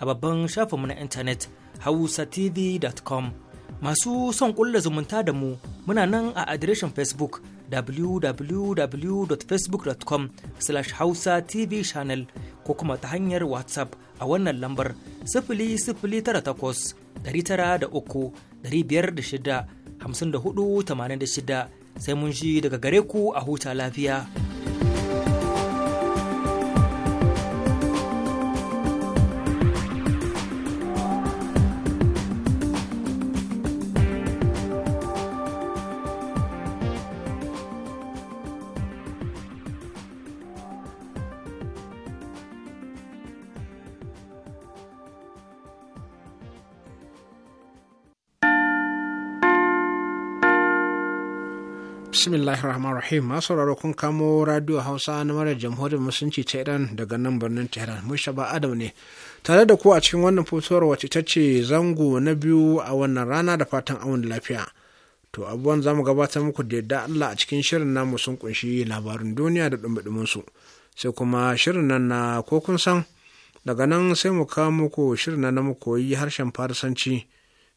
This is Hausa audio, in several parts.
a babban shafinmu na intanet hausatv.com masu son kulla zumunta da mu muna nan a adireshin facebook www.facebook.com slash hausa tv channel ko kuma ta hanyar whatsapp a wannan lambar takwas tara da da shida hamsin da hudu tamanin da shida sai mun ji daga gare ku a huta lafiya. bismillahir rahman rahim masu kun kamo radio hausa na mara jamhuriyar musulunci ta iran daga nan birnin tehran mushaba adam ne tare da ku a cikin wannan fotowar wacce ta ce zango na biyu a wannan rana da fatan awon lafiya to abubuwan zamu gabatar muku da yadda allah a cikin shirin namu sun kunshi labarin duniya da dumbudumin su sai kuma shirin nan na ko kun san daga nan sai mu kawo muku shirin nan na mu koyi harshen farisanci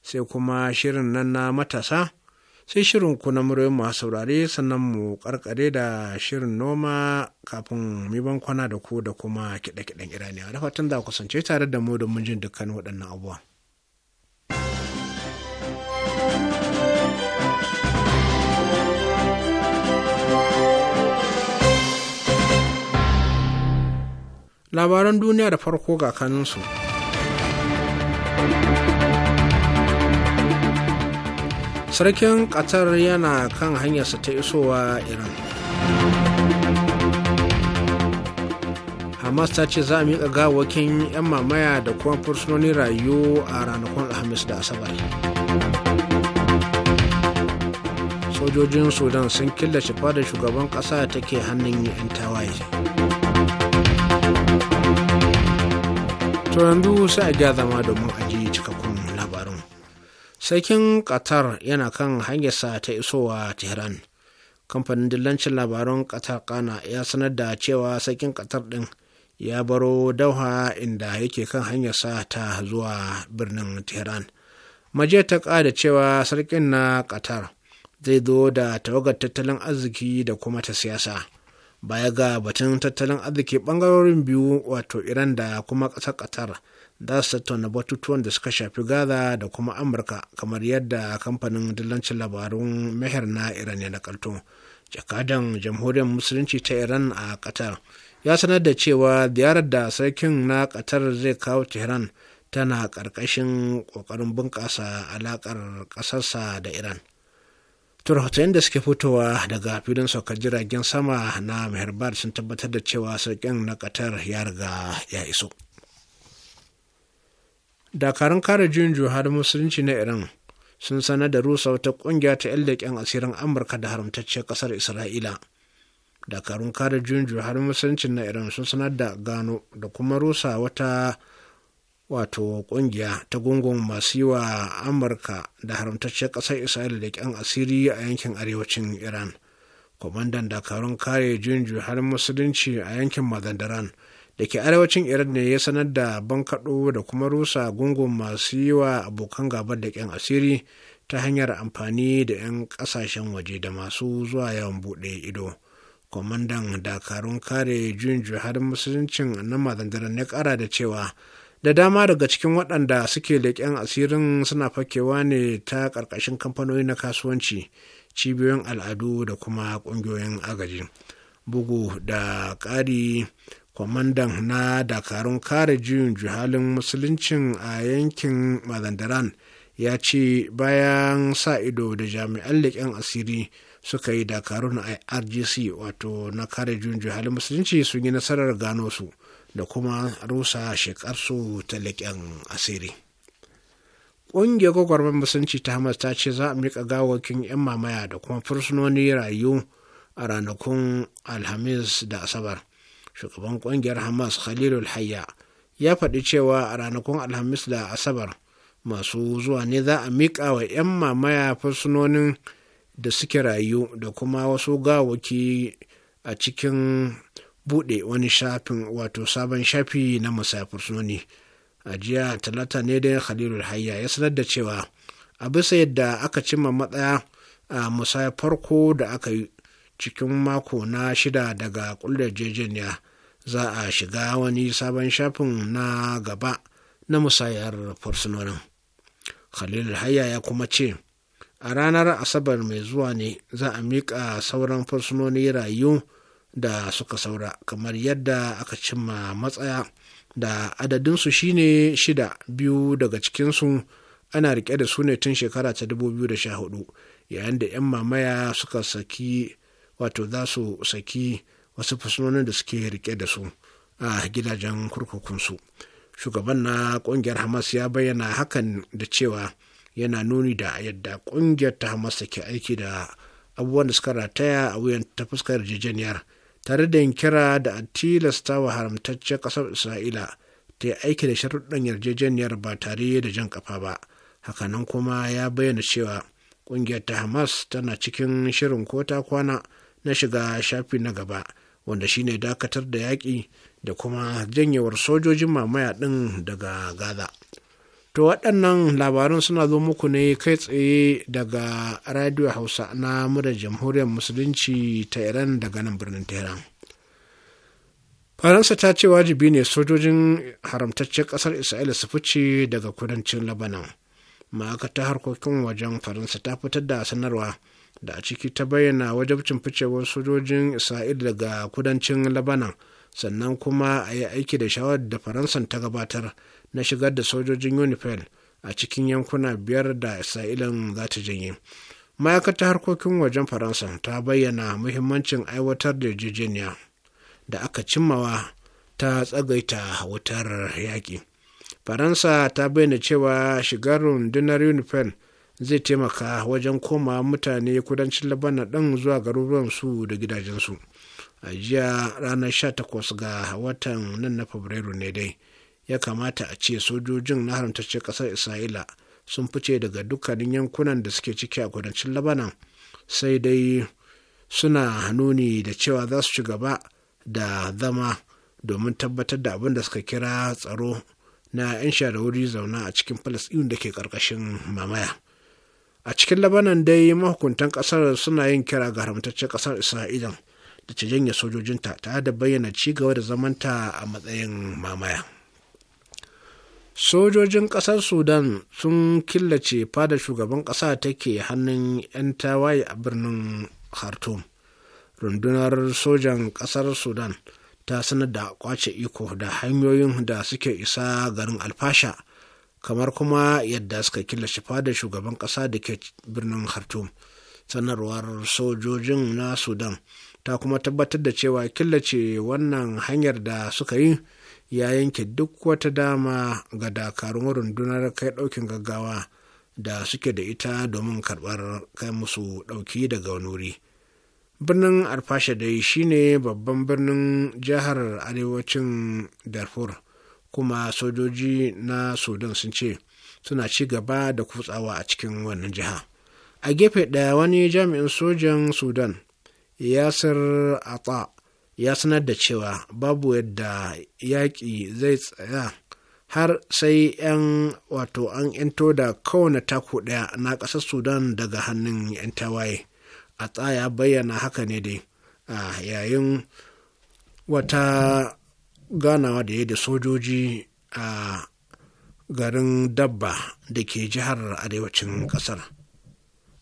sai kuma shirin nan na matasa sai shirin ku na muryoyin masu saurare sannan mu karkare da shirin noma kafin mu ban kwana da ku da kuma kiɗe-kiɗen iraniya da fatan za ku sance tare da mu domin jin dukkan waɗannan abuwa. labaran duniya da farko ga kanunsu. sarkin qatar yana kan hanyarsa ta isowa iran hamas ta ce za a miƙa gawakin 'yan mamaya da kuma fursunonin rayu a ranakun alhamis da asabar sojojin sudan sun killace fadar shugaban ƙasa ta take hannun 'yan tawaye to yanzu sai a gya zama domin ajiye sarkin qatar yana kan hanyarsa ta isowa tehran kamfanin dillancin labaran qatar kana ya sanar da cewa sarkin qatar din ya baro dauha inda yake kan hanyarsa ta zuwa birnin tehran majiya ta kada cewa sarkin na qatar zai zo da tawagar tattalin arziki da kuma ta siyasa baya ga batun tattalin arziki bangarorin biyu wato iran da kuma ƙasar qatar za su tattauna batutuwan da suka shafi gaza da kuma amurka kamar yadda kamfanin dillancin labarun meher na iran ya nakalto jakadan jamhuriyar musulunci ta iran a qatar ya sanar da cewa ziyarar da sarkin na qatar zai kawo tehran tana ƙarƙashin ƙoƙarin bunƙasa alaƙar ƙasarsa da iran turhotayin da suke fitowa daga filin saukar jiragen sama na meherbar sun tabbatar da cewa sarkin na qatar ya riga ya iso dakarun kare juyin har musulunci na iran sun sanar da rusa wata kungiya ta yan leƙen asirin amurka da haramtacciyar ƙasar isra'ila dakarun kare juyin har musulunci na iran sun sanar da gano da kuma rusa wata wato kungiya ta gungun masu yi wa amurka da haramtacciyar ƙasar isra'ila da ƙyan asiri a yankin arewacin iran kwamandan dakarun kare juyin har musulunci a yankin mazandaran da ke arewacin iran ne ya sanar da bankaɗo da kuma rusa gungun masu yi wa abokan gaba da ƙyan asiri ta hanyar amfani da 'yan ƙasashen waje da masu zuwa yawan buɗe ido kwamandan dakarun kare juyin har musuluncin na mazandaran ne ƙara da cewa da dama daga cikin waɗanda suke leƙen asirin suna fakewa ne ta ƙarƙashin kamfanoni na kasuwanci cibiyoyin al'adu da kuma ƙungiyoyin agaji bugu da ƙari kwamandan na dakarun kare juyin juhalin musuluncin a yankin mazandaran ya ce bayan sa ido da jami'an leƙen asiri suka yi dakarun RGC wato na kare juyin juhalin musulunci sun yi nasarar gano su da kuma rusa shekarsu ta leƙen asiri ƙungiyar gwagwarmar musulunci ta hamas ta ce za a miƙa gawakin 'yan mamaya da kuma fursunoni rayu a ranakun alhamis da asabar shugaban ƙungiyar hamas khalilul hayya ya faɗi cewa a ranakun alhamis da asabar masu zuwa ne za a miƙa wa 'yan mamaya fursunonin da suke rayu da kuma wasu gawaki a cikin buɗe wani shafin wato sabon shafi na musafir a jiya talata ne da khalilul hayya ya sanar da cewa a bisa yadda aka cimma matsaya a musayar farko da aka yi cikin mako na shida daga kullar jejeniya za a shiga wani sabon shafin na gaba na musayar fursunonin khalil haya ya kuma ce a ranar asabar mai zuwa ne za a miƙa sauran fursunoni rayu da suka saura kamar yadda aka cimma matsaya da adadinsu shine shida biyu daga cikinsu ana rike da su ne tun shekara ta 2014 yayin da 'yan mamaya suka saki wato za su saki wasu fursunonin da suke rike da su a gidajen kurkukunsu shugaban na kungiyar hamas ya bayyana hakan da cewa yana nuni da yadda kungiyar ta hamas ke aiki da abubuwan da suka rataya a wuyan ta fuskar yarjejeniyar tare da kira da a tilasta wa haramtaccen kasar isra'ila ta yi aiki da sharuɗan yarjejeniyar ba tare da jan kafa ba hakanan kuma ya bayyana cewa ƙungiyar ta hamas tana cikin shirin ko ta kwana na shiga shafi na gaba wanda shine dakatar da yaƙi da kuma janyewar sojojin mamaya ɗin daga gaza to waɗannan labaran suna zo muku ne kai tsaye daga radio hausa na mura jamhuriyar musulunci ta iran daga nan birnin tehran faransa ta ce wajibi ne sojojin haramtaccen ƙasar isra'ila su fice daga kudancin labanan ma'aikatar harkokin wajen faransa ta fitar da sanarwa da a ciki ta bayyana wajabcin ficewar sojojin isra'il daga kudancin labanan sannan kuma a yi aiki da shawarar da faransan ta gabatar na shigar da sojojin unifel a cikin yankuna biyar da isra'ilan za ta janye ma'aikatar harkokin wajen faransa ta bayyana muhimmancin aiwatar da yarjejeniya da aka cimmawa ta tsagaita wutar yaƙi faransa ta bayyana cewa shigar rundunar unifel zai taimaka wajen koma mutane kudancin labanan ɗin zuwa garuruwansu da gidajensu a jiya ranar 18 ga watan nan na fabrairu ne dai ya kamata a ce sojojin na haramtacce ƙasar isra'ila sun fice daga dukkanin yankunan da suke ciki a kudancin labanan sai dai suna nuni da cewa za su ci gaba da zama domin tabbatar da abin da suka kira tsaro na 'yan wuri zauna a cikin falasɗin da ke ƙarƙashin mamaya a cikin labanan dai mahukuntan kasar suna yin kira ga haramtaccen kasar isra'ila da ta janye sojojinta ta da bayyana ci gaba da zamanta a matsayin mamaya sojojin kasar sudan sun killace fada shugaban kasa take hannun 'yan tawaye a birnin khartoum rundunar sojan kasar sudan ta sanar da kwace iko da hanyoyin da suke isa garin alfasha kamar kuma yadda suka killace da shugaban ƙasa da ke birnin khartoum sanarwar sojojin na sudan ta kuma tabbatar da cewa killace wannan hanyar da suka yi ya yanke duk wata dama ga dakarun rundunar kai ɗaukin gaggawa da suke da ita domin karɓar kai musu ɗauki daga wuri. birnin alfasha dai shine babban birnin jihar arewacin darfur kuma sojoji na sudan sun ce suna ci gaba da kutsawa a cikin wannan jiha a gefe ɗaya wani jami'in sojan sudan yasir ata ya sanar da cewa babu yadda yaƙi zai tsaya har sai 'yan wato an 'yanto da kowane taku ɗaya na ƙasar sudan daga hannun 'yan tawaye a tsaya bayyana haka ne dai a yayin wata ganawa da ya da sojoji a garin dabba da ke jihar arewacin kasar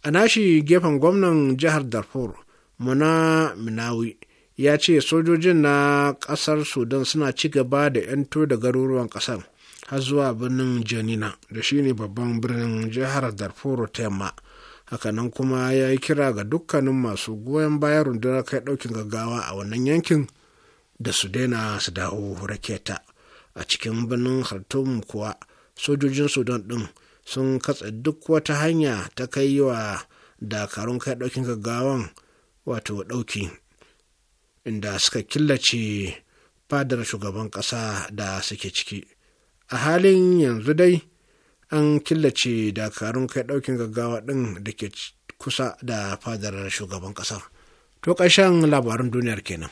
a nashi gefen gwamnan jihar darfur muna minawi ya ce sojojin na kasar sudan suna ci gaba da 'yanto da garuruwan kasar har zuwa birnin janina da shine babban birnin jihar darfur ta yamma hakanan kuma ya yi kira ga dukkanin masu goyon bayan rundunar kai daukin gaggawa a wannan yankin da su daina su dawo raketa a cikin birnin khartoum kuwa sojojin sudan ɗin sun katse duk wata hanya ta kai wa dakarun kai ɗaukin gaggawan wato ɗauki inda suka killace fadar shugaban ƙasa da suke ciki a halin yanzu dai an killace dakarun kai ɗaukin gaggawa ɗin da ke kusa da fadar shugaban ƙasa to ƙarshen labarin duniyar kenan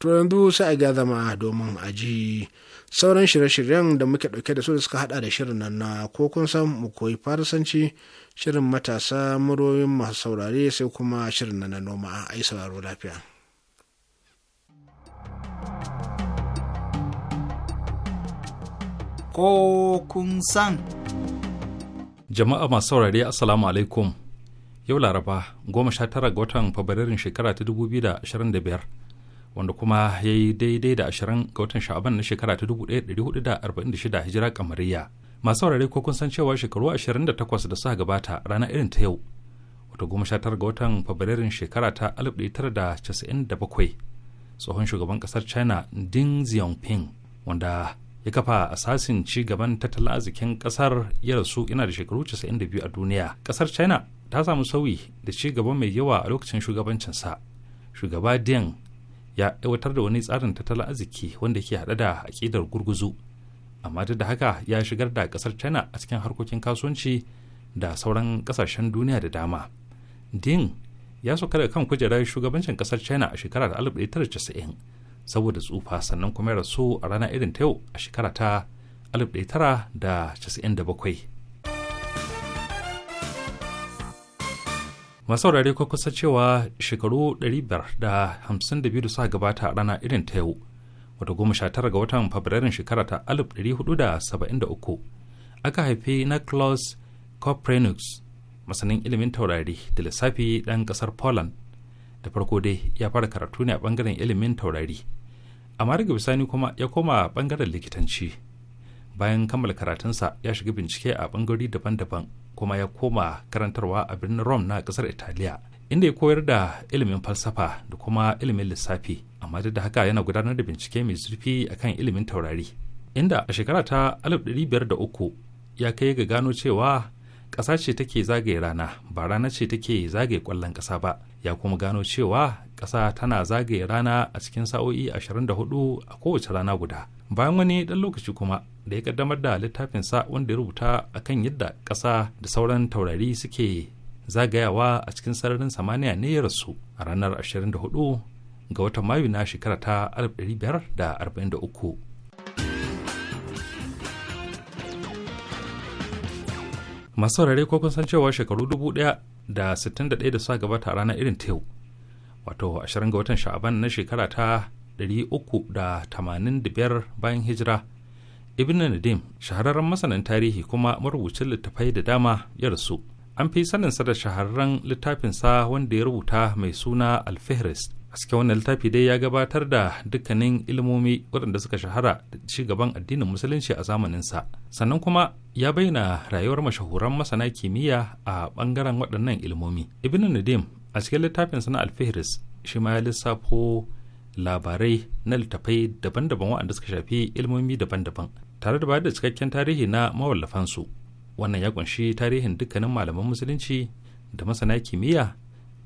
To yanzu sai a ga zama domin a ji sauran shirye-shiryen da muke ɗauke da su da suka haɗa da shirin nan na ko kun san mu koyi farsanci shirin matasa muroyin masu saurare sai kuma shirin nan na noma a yi sauraro lafiya. Ko kun san. jama'a masu saurare assalamu alaikum yau laraba goma sha tara ga watan fabrairun shekara ta dubu biyu da ashirin da biyar wanda kuma ya yi daidai da ashirin ga watan sha'aban na shekara ta dubu ɗaya ɗari hudu da arba'in da shida hijira kamariya masu saurare ko kun san cewa shekaru ashirin da takwas da suka gabata rana irin ta yau wata goma sha tara ga watan fabrairun shekara ta alif ɗaya tara da casa'in da bakwai tsohon shugaban ƙasar china ding xiaoping wanda ya kafa asasin ci gaban tattalin arzikin kasar ya rasu yana da shekaru 92 a duniya kasar china ta samu sauyi da ci gaba mai yawa a lokacin shugabancinsa shugaba deng ya aiwatar da wani tsarin tattalin arziki wanda ke hada da aƙidar gurguzu amma duk da haka ya shigar da kasar china a cikin harkokin kasuwanci da sauran kasashen duniya da dama deng ya sauka da kan kujerar shugabancin kasar china a shekarar 1990 saboda tsufa sannan kuma ya rasu a rana irin ta yau a shekara ta 1997 masu saurare ko kusa cewa shekaru 552 da suka gabata a rana irin ta yau wata goma sha tara ga watan fabrairun shekara ta 1473 aka haifi na claus Copernicus masanin ilimin taurari da lissafi ɗan ƙasar Poland da farko dai ya fara karatu ne a bangaren ilimin taurari amma daga bisani kuma ya koma bangaren likitanci bayan kammala karatunsa ya shiga bincike a bangarori daban-daban kuma ya koma karantarwa a birnin rome na kasar italiya inda ya koyar da ilimin falsafa da kuma ilimin lissafi amma duk da haka yana gudanar da bincike mai zurfi akan ilimin taurari inda a shekara ta uku ya kai ga gano cewa ƙasa ce take zagaye rana ba rana ce take zagaye ƙwallon ƙasa ba ya kuma gano cewa ƙasa tana zagaye rana a cikin sa'o'i 24 a kowace rana guda bayan wani ɗan lokaci kuma da ya ƙaddamar da littafinsa wanda ya rubuta a kan yadda ƙasa da sauran taurari suke zagayawa a cikin sararin samaniya ne ya rasu a ranar 24 ga watan mayu na shekara ta 1543 masu saurare ko kun cewa shekaru dubu ɗaya da 61 da sa gabata a ranar irin ta yau wato 20 ga watan sha'aban na shekara ta 385 bayan hijira ibn nadim shahararren masanin tarihi kuma marubucin littafai da dama ya rasu an fi saninsa da shahararren littafinsa wanda ya rubuta mai suna alfihrist haske wannan littafi dai ya gabatar da dukkanin ilmomi waɗanda suka shahara da ci gaban addinin musulunci a zamaninsa sannan kuma ya bayyana rayuwar mashahuran masana kimiyya a ɓangaren waɗannan ilmomi ibn nadim a cikin littafin sana alfihris shi ma ya lissafo labarai na littafai daban-daban waɗanda suka shafi ilmomi daban-daban tare da bayar da cikakken tarihi na mawallafansu wannan ya ƙunshi tarihin dukkanin malaman musulunci da masana kimiyya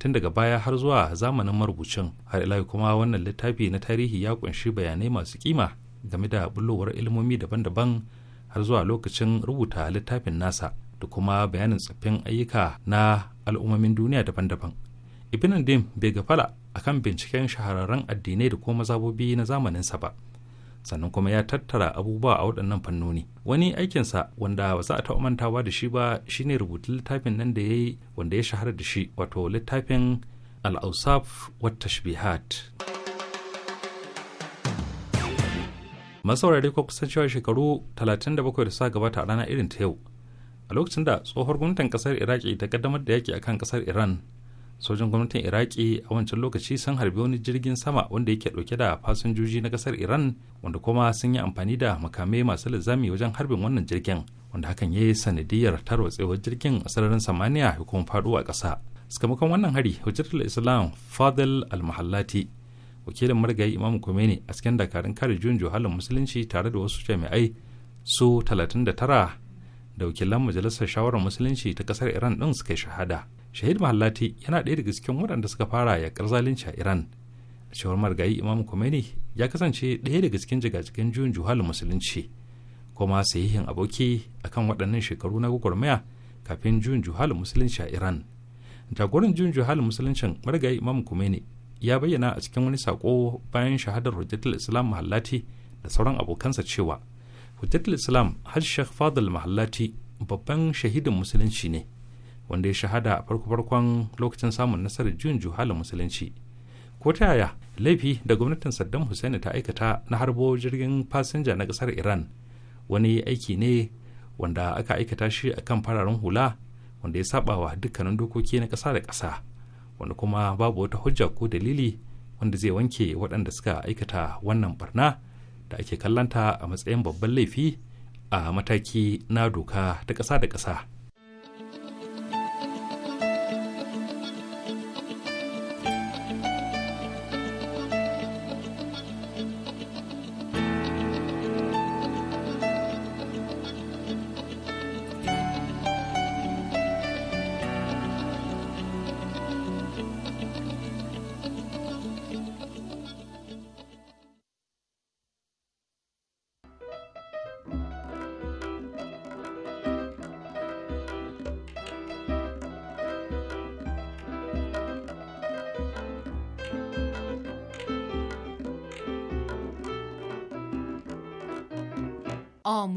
tun daga baya har zuwa zamanin marubucin har ila kuma wannan littafi na tarihi ya kunshi bayanai masu kima game da bullowar ilmomi daban-daban har zuwa lokacin rubuta littafin nasa da kuma bayanin tsaffin ayyuka na al'ummomin duniya daban-daban ibn dim bai gafala akan binciken shahararren addinai da kuma mazabobi na zamaninsa ba sannan kuma ya tattara abubuwa a waɗannan fannoni wani aikinsa wanda ba za a taɓa mantawa da shi ba shine rubutu littafin nan da ya yi wanda ya shahara da shi wato littafin al'ausaf wata shibihat masaurari ko kusan cewa shekaru 37 da suka gabata a rana irin ta yau a lokacin da tsohon gwamnatin kasar iraki ta kaddamar da yaki akan kasar iran sojin gwamnatin iraki a wancan lokaci sun harbi wani jirgin sama wanda yake dauke da fasinjoji na kasar iran wanda kuma sun yi amfani da makamai masu lizami wajen harbin wannan jirgin wanda hakan ya yi sanadiyar tarwatsewar jirgin a sararin samaniya ya kuma faɗo a ƙasa sakamakon wannan hari hujjatul islam fadl al-mahallati wakilin marigayi imam kumeni a cikin dakarun kare juyin juhalin musulunci tare da wasu jami'ai su 39 da wakilan majalisar shawarar musulunci ta kasar iran din suka shahada shahid mahallati yana ɗaya daga cikin waɗanda suka fara yakar zalunci a iran cewar margayi imam khomeini ya kasance ɗaya daga cikin jigajigan juyin juhalin musulunci kuma sahihin aboki akan waɗannan shekaru na gwagwarmaya kafin juyin juhalin musulunci a iran jagoran juyin juhalin musuluncin margayi imam khomeini ya bayyana a cikin wani sako bayan shahadar hujjatul islam mahallati da sauran abokansa cewa hujjatul islam hajj sheikh fadl mahallati babban shahidin musulunci ne wanda ya shahada a farko-farkon lokacin samun nasarar juyin juhalin musulunci ko ta yaya laifi da gwamnatin saddam hussein ta aikata na harbo jirgin fasinja na kasar iran wani aiki ne wanda aka aikata shi a kan fararen hula wanda ya saba wa dukkanin dokoki na ƙasa da ƙasa wanda kuma babu wata hujja ko dalili wanda zai wanke waɗanda suka aikata wannan barna da ake kallanta a matsayin babban laifi a mataki na doka ta ƙasa da ƙasa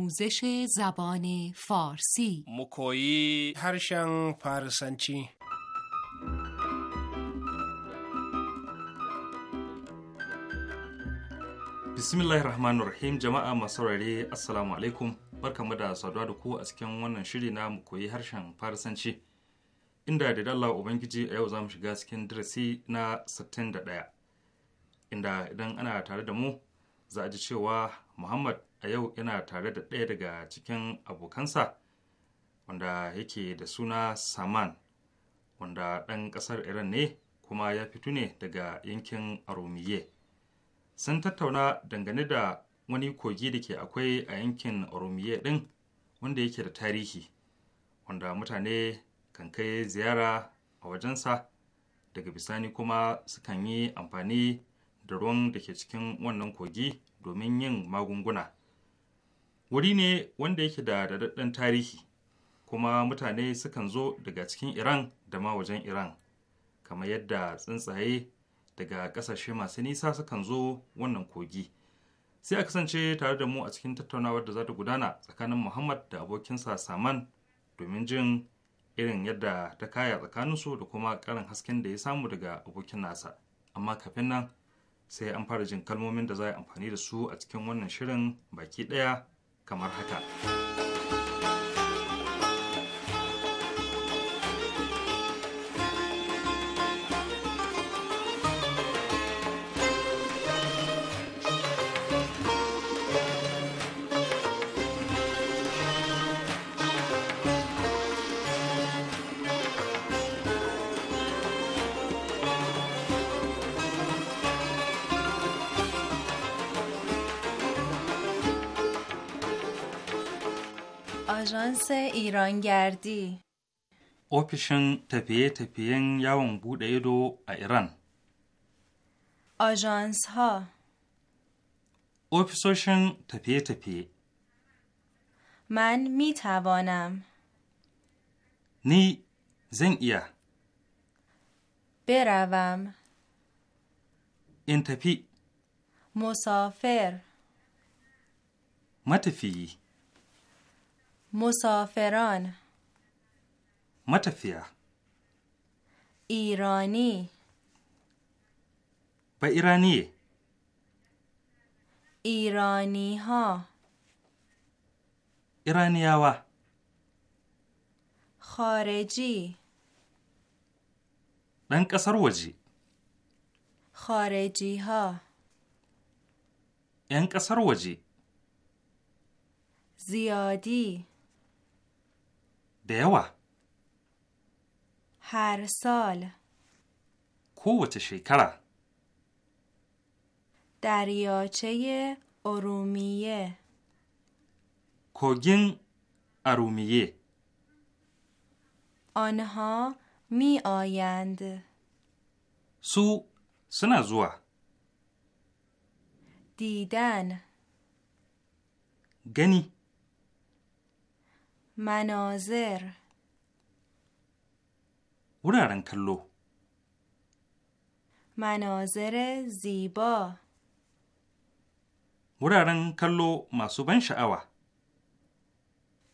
آموزش زبان فارسی مکویی هرشن فارسنچی bismillahir rahmanir rahim jama'a masu saurare assalamu alaikum barkamu da saduwa da ku a cikin wannan shiri na mu koyi harshen farisanci inda da dalla ubangiji a yau za mu shiga cikin darasi na 61 inda idan ana tare da mu za a ji cewa muhammad a yau yana tare da ɗaya daga cikin abokansa wanda yake da suna saman wanda ɗan ƙasar iran ne kuma ya fito ne daga yankin aromiye sun tattauna dangane da wani kogi da ke akwai a yankin aromiye ɗin wanda yake da tarihi wanda mutane kan kai ziyara a wajensa daga bisani kuma sukan yi amfani da ruwan da ke cikin wannan kogi domin yin magunguna wuri ne wanda yake da daɗaɗɗen tarihi kuma mutane sukan zo daga cikin iran da ma wajen iran kamar yadda tsuntsaye daga ƙasashe masu nisa sukan zo wannan kogi sai a kasance tare da mu a cikin tattaunawar da za ta gudana tsakanin muhammad da abokinsa saman domin jin irin yadda ta kaya tsakaninsu da kuma karin hasken da ya samu daga abokin nasa amma kafin nan sai an fara jin kalmomin da za a yi amfani da su a cikin wannan shirin baki ɗaya kamar haka. ایران ایرانگردی اوپیشن تپیه تپیین یاون بوده ایدو ایران آجانس ها اوپیسوشن تپیه تپیه من می توانم نی زن ایا بروم این تپی مسافر متفی مسافران متفیا ایرانی با ایرانی ایرانی ها ایرانی ها و خارجی من کسر وجی خارجی ها این کسر وجی زیادی دیوه هر سال کوچه شیکرا دریاچه ارومیه کوگین ارومیه آنها می آیند سو سنازوا دیدن گنی مناظر رنگ کلو مناظر زیبا وراران کلو ماسو بن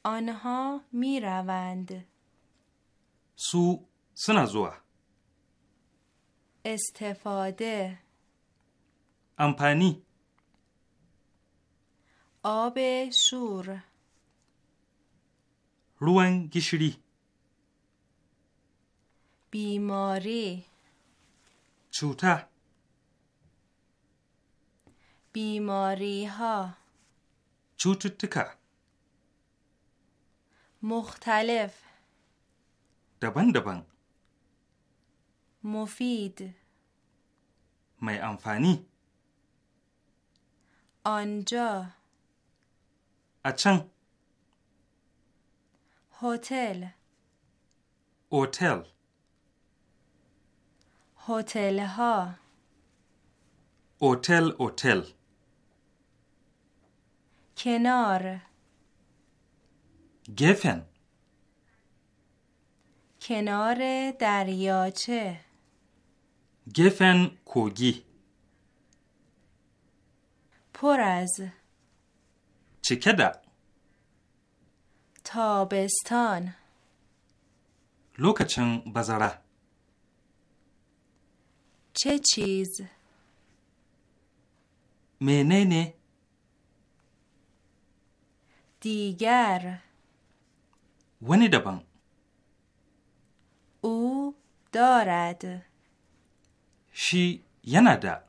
آنها میروند روند سو سنازوا استفاده امپانی آب شور ruwan gishiri بیماری cuta بیماری ها cututtuka Muktalef. daban-daban مفید mai amfani آنجا a can هتل هتل هتل ها هتل هتل کنار گفن کنار دریاچه گفن کوگی پر از چکده تابستان لوکچن بزره چه چیز مننه دیگر ونی دبان او دارد شی یندا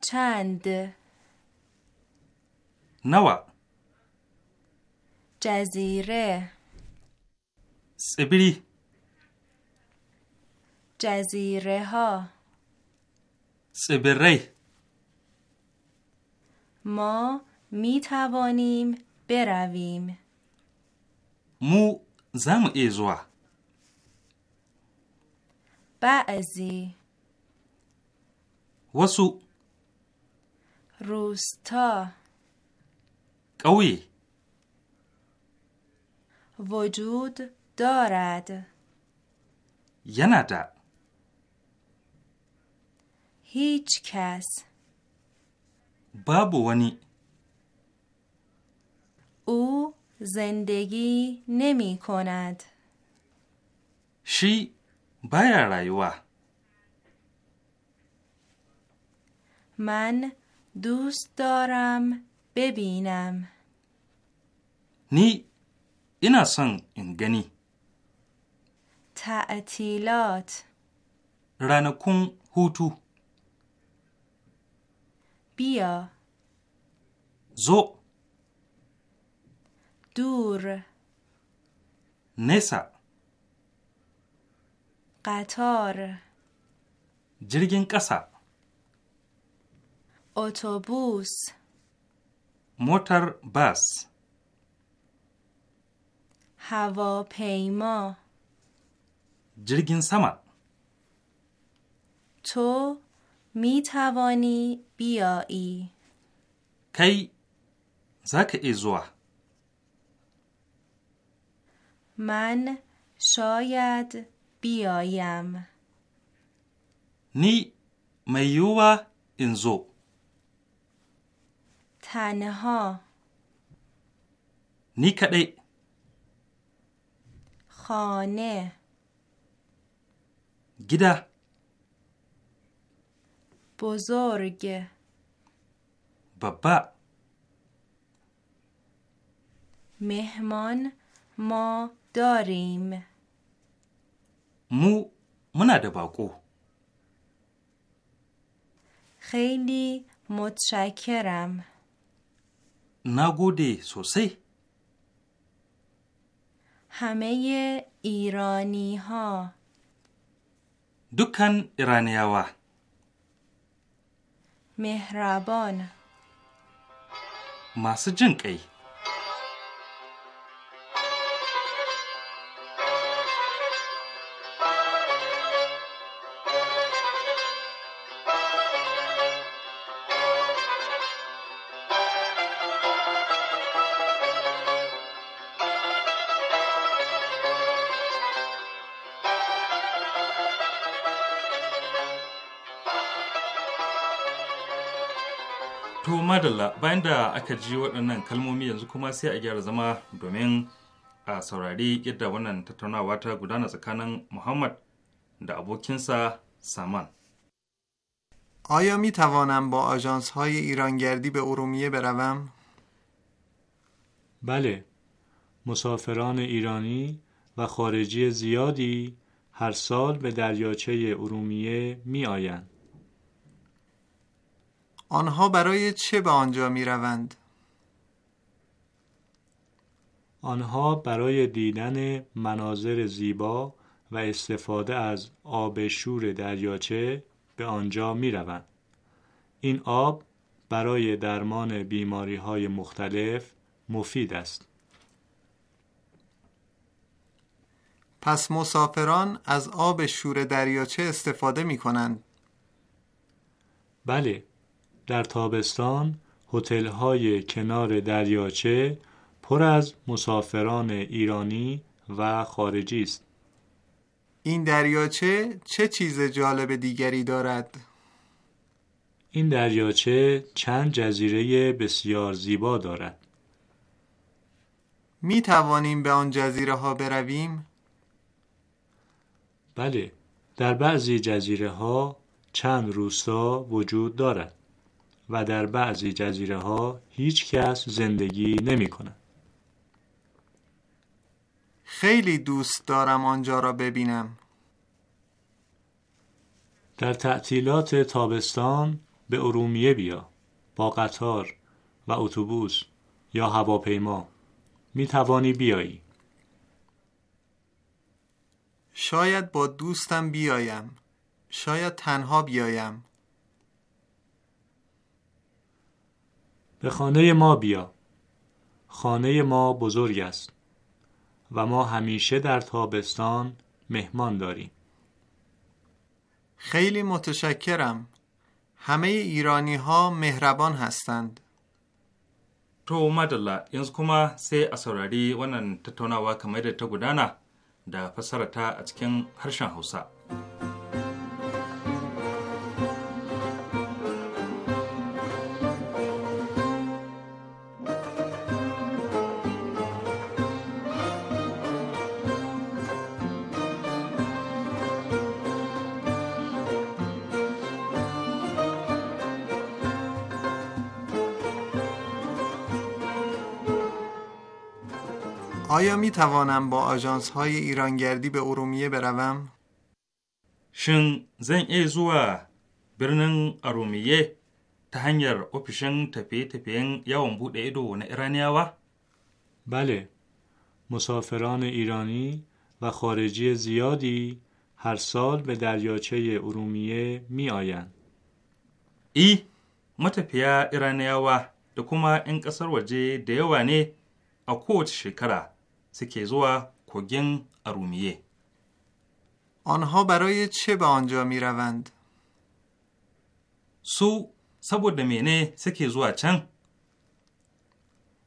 چند نوع جزیره سبری جزیره ها سبری ما می توانیم برویم مو زم ایزوا بعضی وسو روستا قوی وجود دارد یه هیچ کس بابو ونی او زندگی نمی کند شی بایا رایوا من دوست دارم ببینم نی ina son in gani. tilot. Ranakun hutu Biya Zo Dur Nesa Qatar Jirgin ƙasa Otobus Motar bas هواپیما جرگین سما تو می توانی بیایی کی زک ایزوا من شاید بیایم نی میوه اینزو تنها نی کدی خانه گیده بزرگ بابا مهمان ما داریم مو من دا باقو خیلی متشکرم نگودی سوسی همه ایرانی ها دکن ایرانی ها مهربان جنگ ای Abdullah bayan da aka ji waɗannan kalmomi yanzu kuma sai a gyara zama domin a saurari yadda wannan tattaunawa ta gudana tsakanin muhammad da abokinsa saman آیا می توانم با آژانس های ایرانگردی به ارومیه بروم؟ بله مسافران ایرانی و خارجی زیادی هر سال به دریاچه ارومیه می آیند. آنها برای چه به آنجا می روند؟ آنها برای دیدن مناظر زیبا و استفاده از آب شور دریاچه به آنجا می روند. این آب برای درمان بیماری های مختلف مفید است. پس مسافران از آب شور دریاچه استفاده می کنند. بله، در تابستان های کنار دریاچه پر از مسافران ایرانی و خارجی است. این دریاچه چه چیز جالب دیگری دارد؟ این دریاچه چند جزیره بسیار زیبا دارد. می توانیم به آن جزیره ها برویم؟ بله، در بعضی جزیره ها چند روستا وجود دارد. و در بعضی جزیره ها هیچ کس زندگی نمی کند. خیلی دوست دارم آنجا را ببینم. در تعطیلات تابستان به ارومیه بیا با قطار و اتوبوس یا هواپیما می توانی بیایی. شاید با دوستم بیایم. شاید تنها بیایم. به خانه ما بیا خانه ما بزرگ است و ما همیشه در تابستان مهمان داریم خیلی متشکرم همه ایرانی ها مهربان هستند تو madalla yanzu سه sai a saurari wannan tattaunawa kamar da ta gudana da a cikin harshen Hausa. می توانم با آژانس های ایرانگردی به ارومیه بروم؟ شن زن ای زوا برنن ارومیه تهنگر هنگر اپیشن تپی تپین یا بود ایدو نه و؟ بله مسافران ایرانی و خارجی زیادی هر سال به دریاچه ارومیه می آیند. ای متپیا ایرانیاوا و دکمه 'yan ƙasar waje da شکره سکه زوا کوگن ارومیه آنها برای چه به آنجا می روند؟ سو سبود مینه سکه زوا چن؟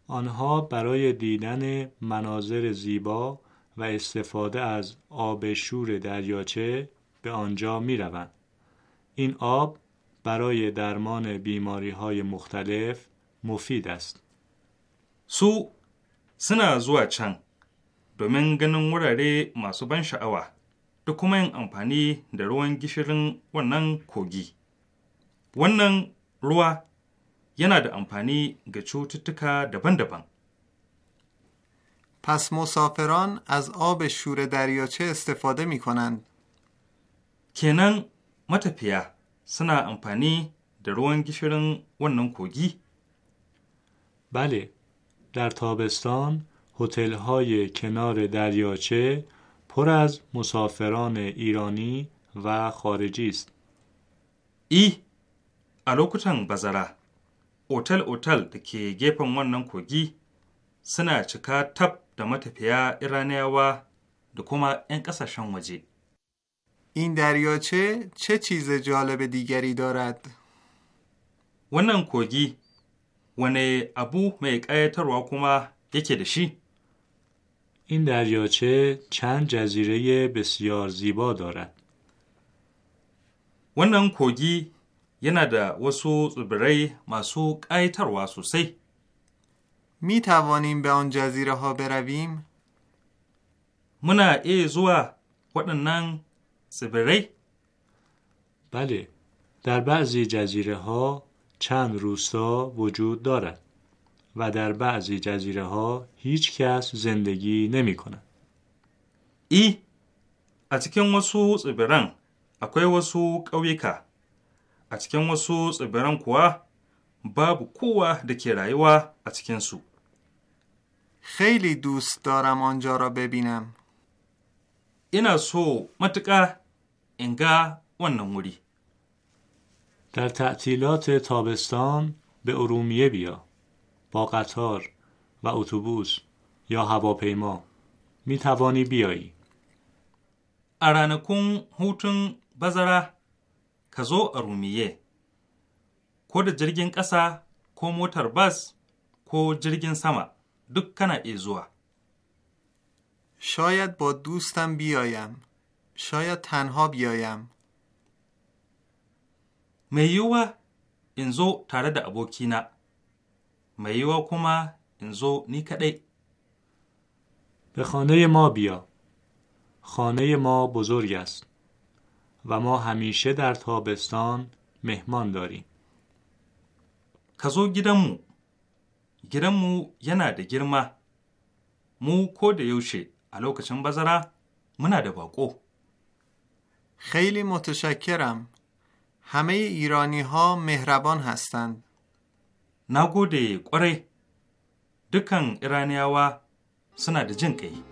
آنها برای دیدن مناظر زیبا و استفاده از آب شور دریاچه به آنجا می روند. این آب برای درمان بیماری های مختلف مفید است. سو سنا زوا domin ganin wurare masu ban sha'awa da kuma yin amfani da ruwan gishirin wannan kogi. Wannan ruwa yana da amfani ga cututtuka daban-daban. پس مسافران از آب شور دریاچه استفاده می کنند. کنن متپیا سنا امپانی در روان گشرن ونن کوگی بله در تابستان هتل های کنار دریاچه پر از مسافران ایرانی و خارجی است. ای الوکتن بزرا اوتل اوتل ده که گیپن وانن کوگی سنا چکا تب ده متفیا ایرانی و ده کما این قصشان این دریاچه چه چیز جالب دیگری دارد؟ وانن کوگی وانه ابو میک ایتر و کما یکی دشی این دریاچه چند جزیره بسیار زیبا دارد. wannan kogi یه da wasu tsibirai masu ƙayatarwa sosai. می توانیم به آن جزیره ها برویم؟ منا ای زوا waɗannan tsibirai؟ بله، در بعضی جزیره ها چند روستا وجود دارد. و در بعضی جزیره ها هیچ کس زندگی نمی کند. ای از کن و سوز برن اکوی و سو کوی که از کن و سوز برن کوا باب کوا دکیرائی و از کن سو خیلی دوست دارم آنجا را ببینم این از سو متقه اینگه و نموری در تعطیلات تابستان به ارومیه بیا. با قطار و اتوبوس یا هواپیما می توانی بیایی. ارانکون هوتون بزره کزو ارومیه ko da jirgin ƙasa ko motar bas ko jirgin sama duk kana iya zuwa. Shayad ba dustan biyayen, shayad tanha biyayen. yiwuwa in zo tare da abokina mai yiwa kuma in zo به خانه ما بیا خانه ما بزرگ است و ما همیشه در تابستان مهمان داریم کزو گیرمو گیرمو ینا د گیرما مو کو د یوشه ا لوکشن بزرا منا د باقو خیلی متشکرم همه ایرانی ها مهربان هستند Na gode ƙwarai, dukan Iraniyawa suna da jin ƙai.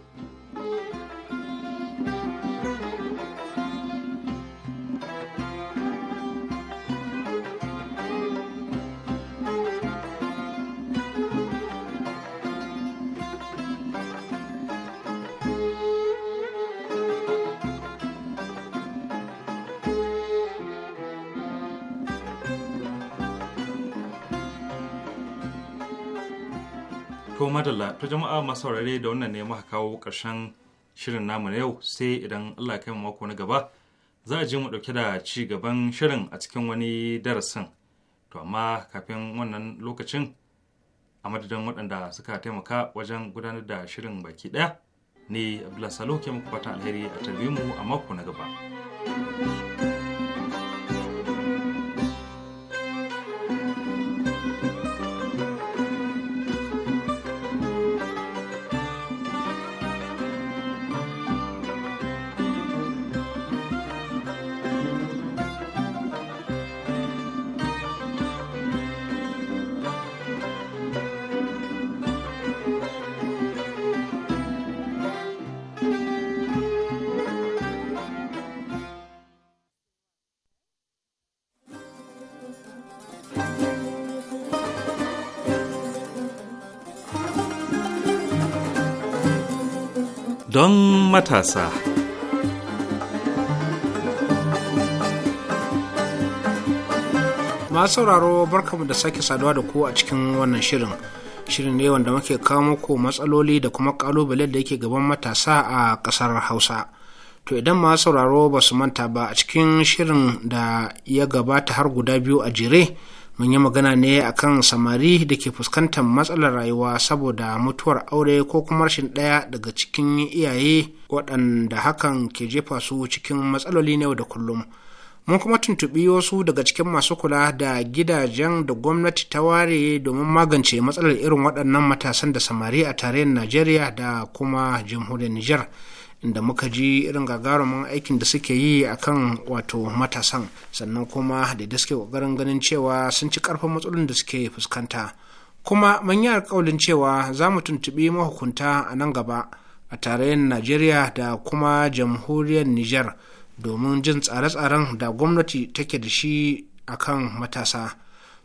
madalla to jama'a masu saurare da wannan ne muka kawo ƙarshen shirin namu na yau sai idan Allah ya kai mu mako na gaba za a je mu dauke da ci gaban shirin a cikin wani darasin. To amma kafin wannan lokacin a madadin waɗanda suka taimaka wajen gudanar da shirin baki ɗaya ne Abdullahi Salo ke muku fatan alheri a tarbe mu a mako na gaba. thank you matasa. Masu sauraro barkamu da sake saduwa da ku a cikin wannan shirin. Shirin ne wanda muke kawo muku matsaloli da kuma kalubale da yake gaban matasa a ƙasar Hausa. To idan masu sauraro ba su manta ba a cikin shirin da ya gabata har guda biyu a jere. mun yi magana ne a kan samari da ke fuskantar matsalar rayuwa saboda mutuwar aure ko kuma rashin ɗaya daga cikin iyaye waɗanda hakan ke jefa su cikin matsaloli na yau da kullum mun kuma tuntuɓi wasu daga cikin masu kula da gidajen da gwamnati ta ware domin magance matsalar irin waɗannan matasan da samari a tarayyar najeriya da kuma jamhuriyar nijar da muka ji irin gagarumin aikin da suke yi a kan wato matasan sannan kuma da da suke ƙoƙarin ganin cewa sun ci karfin matsalolin da suke fuskanta kuma mun yi alƙawalin cewa za mu tuntubi mahukunta a nan gaba a tarayyar najeriya da kuma jamhuriyar niger domin jin tsare-tsaren da gwamnati take da shi a kan matasa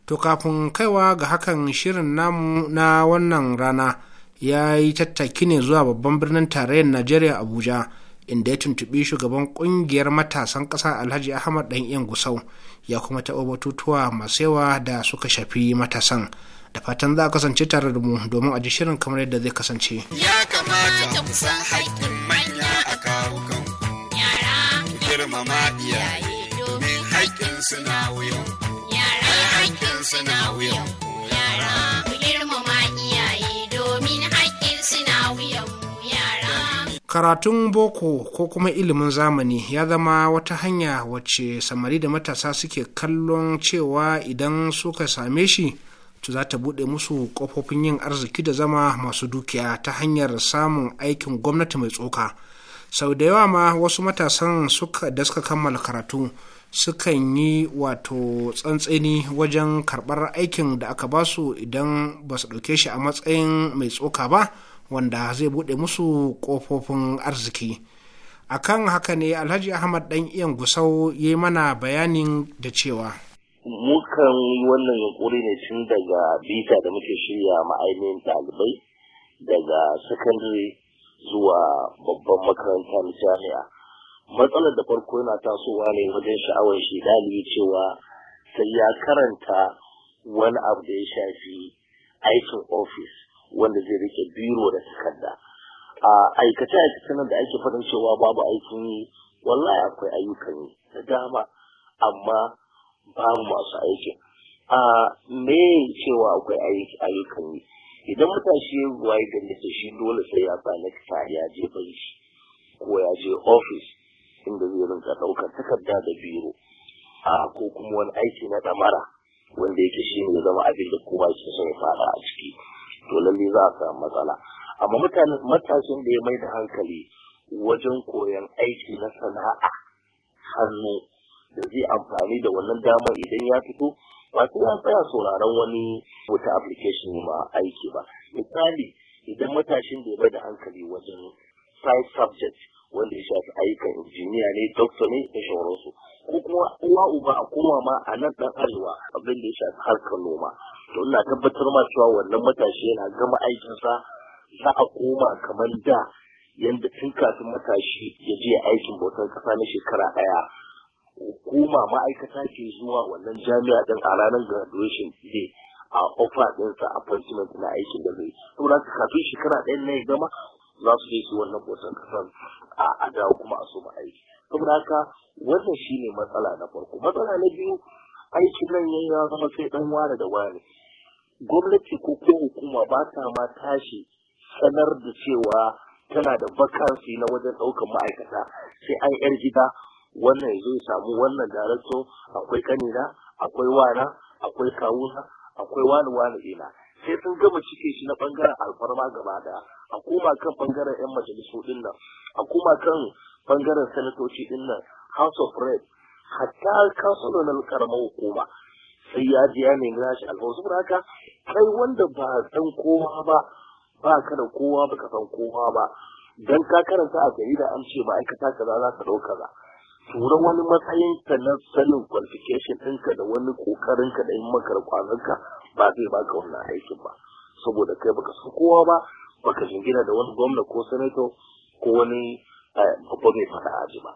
to kafin kaiwa ga hakan shirin namu na wannan rana ya yi tattaki ne zuwa babban birnin tarayyar najeriya abuja inda ya tuntuɓi shugaban ƙungiyar matasan ƙasa alhaji ahmad ɗan yan gusau ya kuma taɓa batutuwa masu yawa da suka shafi matasan da fatan za a kasance tare da mu domin a ji shirin kamar yadda zai kasance ya kamata mu san haƙƙin manya a kawo kan yara girmama iyaye domin haƙƙin suna wuyan yara haƙƙin suna wuyan karatun boko ko kuma ilimin zamani ya zama wata hanya wacce samari da matasa suke kallon cewa idan suka same shi to za ta buɗe musu ƙofofin yin arziki da zama masu dukiya ta hanyar samun aikin gwamnati mai tsoka sau da yawa ma wasu matasan da suka kammala karatu sukan yi wato tsantseni wajen karɓar aikin da aka basu idan ba su ɗauke shi a matsayin mai tsoka ba wanda zai buɗe musu ƙofofin arziki a kan haka ne alhaji ahmad ɗan iyan gusau ya yi mana bayanin da cewa mukan wannan yunkuri ne tun daga bita da muke shirya ma'ainihin ɗalibai daga sakandare zuwa babban makaranta na jami'a matsalar da farko yana tasowa ne wajen sha'awar shi dalibi cewa sai ya karanta wani abu da ya shafi aikin ofis wanda zai rike biro da takarda a aikace aikace nan da ake farancewa cewa babu aikin yi wallahi akwai ayyukan yi da dama amma babu masu aiki a me cewa akwai ayyukan yi idan matashi ya waye gari shi dole sai ya ba nekta ya je banki ko ya je ofis inda zai rinka ɗaukar takarda da biro a ko kuma wani aiki na damara wanda yake shi ne zama abin da kuma ke son ya a ciki to lalle za a samu matsala amma mutanen matashin da ya mai da hankali wajen koyon aiki na sana'a hannu da zai amfani da wannan dama idan ya fito ba sai ya tsaya sauraron wani wata application ma aiki ba misali idan matashin da ya mai da hankali wajen five subjects, wanda ya shafi ayyukan injiniya ne doctor ne da shauransu ko kuma uwa uba a koma ma a nan dan arewa abin da ya shafi harkar noma to ina tabbatar ma cewa wannan matashi yana gama aikinsa za a koma kamar da yadda tun kafin matashi ya je aikin bautar kasa na shekara ɗaya hukuma ma'aikata ke zuwa wannan jami'a ɗin a ranar graduation day a offer ɗinsa appointment na aikin da zai saboda kafin shekara ɗaya na ya gama za su je su wannan bautar kasa a dawo kuma a soma aiki saboda haka wannan shine matsala na farko matsala na biyu aikin nan ya zama sai ɗan ware da ware gwamnati ko kuma hukuma ba ta ma tashi sanar da cewa tana da vacancy na wajen ɗaukar ma'aikata sai an yar gida wannan ya zo ya samu wannan darakto akwai kanina akwai wana akwai kawuna akwai wani wani ina sai sun gama cike shi na bangaren alfarma gaba daya a koma kan bangaren yan majalisu din a koma kan bangaren sanatoci din nan house of Red, hatta kansunan karamar hukuma sai ya je ya nemi nashi alfawa saboda haka kai wanda ba san kowa ba ba ka da kowa ba ka san kowa ba dan ka karanta a jarida an ce ma'aikata kaza za ka ɗauka ba tura wani matsayin ka na sanin qualification ɗinka da wani kokarin ka da yin maka kwanarka ba zai baka wannan aikin ba saboda kai baka san kowa ba baka jingina da wani gwamna ko sanato ko wani eh, babban mai fada ba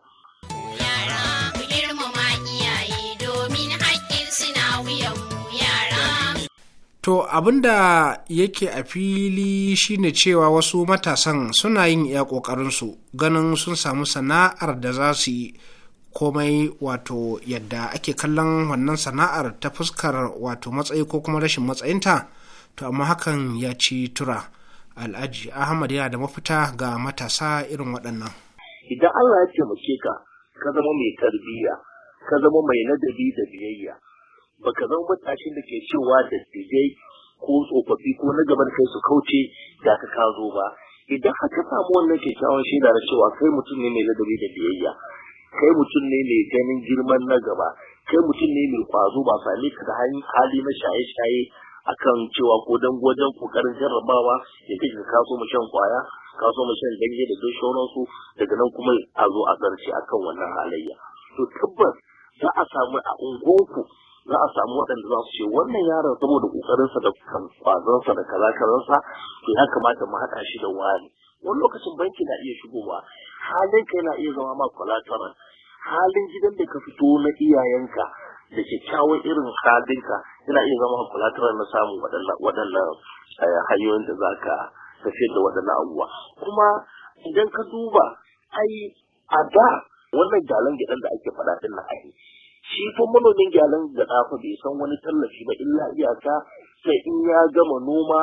To abin da yake a fili shine cewa wasu matasan suna yin iya ƙoƙarinsu ganin sun samu sana'ar da za su yi komai wato yadda ake kallon wannan sana'ar ta fuskar wato matsayi ko kuma rashin matsayinta to amma hakan ya ci tura al'aji ahmad yana da mafita ga matasa irin waɗannan idan allah ya ce ka zama mai tarbiyya ka zama mai nadabi da biyayya baka zama matashin da ke cewa da dijai ko tsofaffi ko na gaban kai su kauce da ka kazo ba idan haka samu wannan kyakkyawan shaida da cewa kai mutum ne mai ladabi da biyayya kai mutum ne mai ganin girman na gaba kai mutum ne mai kwazo ba sami ka da hali na shaye-shaye akan cewa ko dan gwajen kokarin jarrabawa ya kai ka kaso mu shan kwaya kaso mu shan ganye da duk sauransu daga nan kuma a zo a zarce akan wannan halayya to tabbas za a samu a unguwanku za a samu waɗanda za su ce wannan yaron saboda ƙoƙarinsa da kwazonsa da kaza kazansa to ya kamata mu haɗa shi da wani wani lokacin banki na iya shigowa halin ka yana iya zama ma collateral halin gidan da ka fito na iyayenka da kyakkyawan irin halinka yana iya zama collateral na samun waɗannan eh, hanyoyin da za ka tafiyar da waɗannan abubuwa kuma idan ka duba ai a da wannan galan gidan da ake faɗa din na ai shi fa manomin gyalan gyaɗa fa bai san wani tallafi ba illa iyaka sai in ya gama noma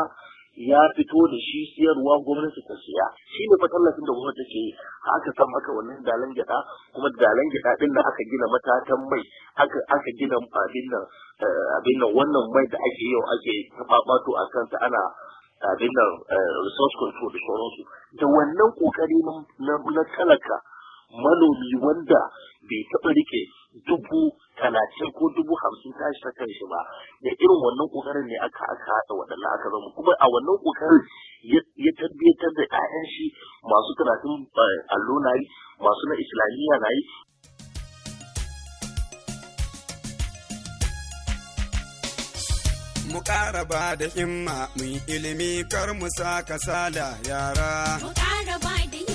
ya fito da shi siyarwa gwamnati ta siya shi ne fa tallafin da gwamnati ta ke aka san maka wannan dalan gyaɗa kuma dalan gyaɗa din da aka gina matatan mai aka aka gina abin nan eh, abin nan wannan mai da ake yau ake fafato a kanta, ana abin nan eh, resource control da sauransu da wannan kokari na talaka manomi wanda bai taɓa rike dubu talatin ko dubu hamsin tashi ta kan shi ba da irin wannan kokarin ne aka aka haɗa waɗannan aka zama kuma a wannan kokarin ya tabbatar da 'ya'yan shi masu talatin eh, allo na yi masu na islamiyya na yi mu ƙara da himma mu ilimi kar mu sa kasala yara mu da himma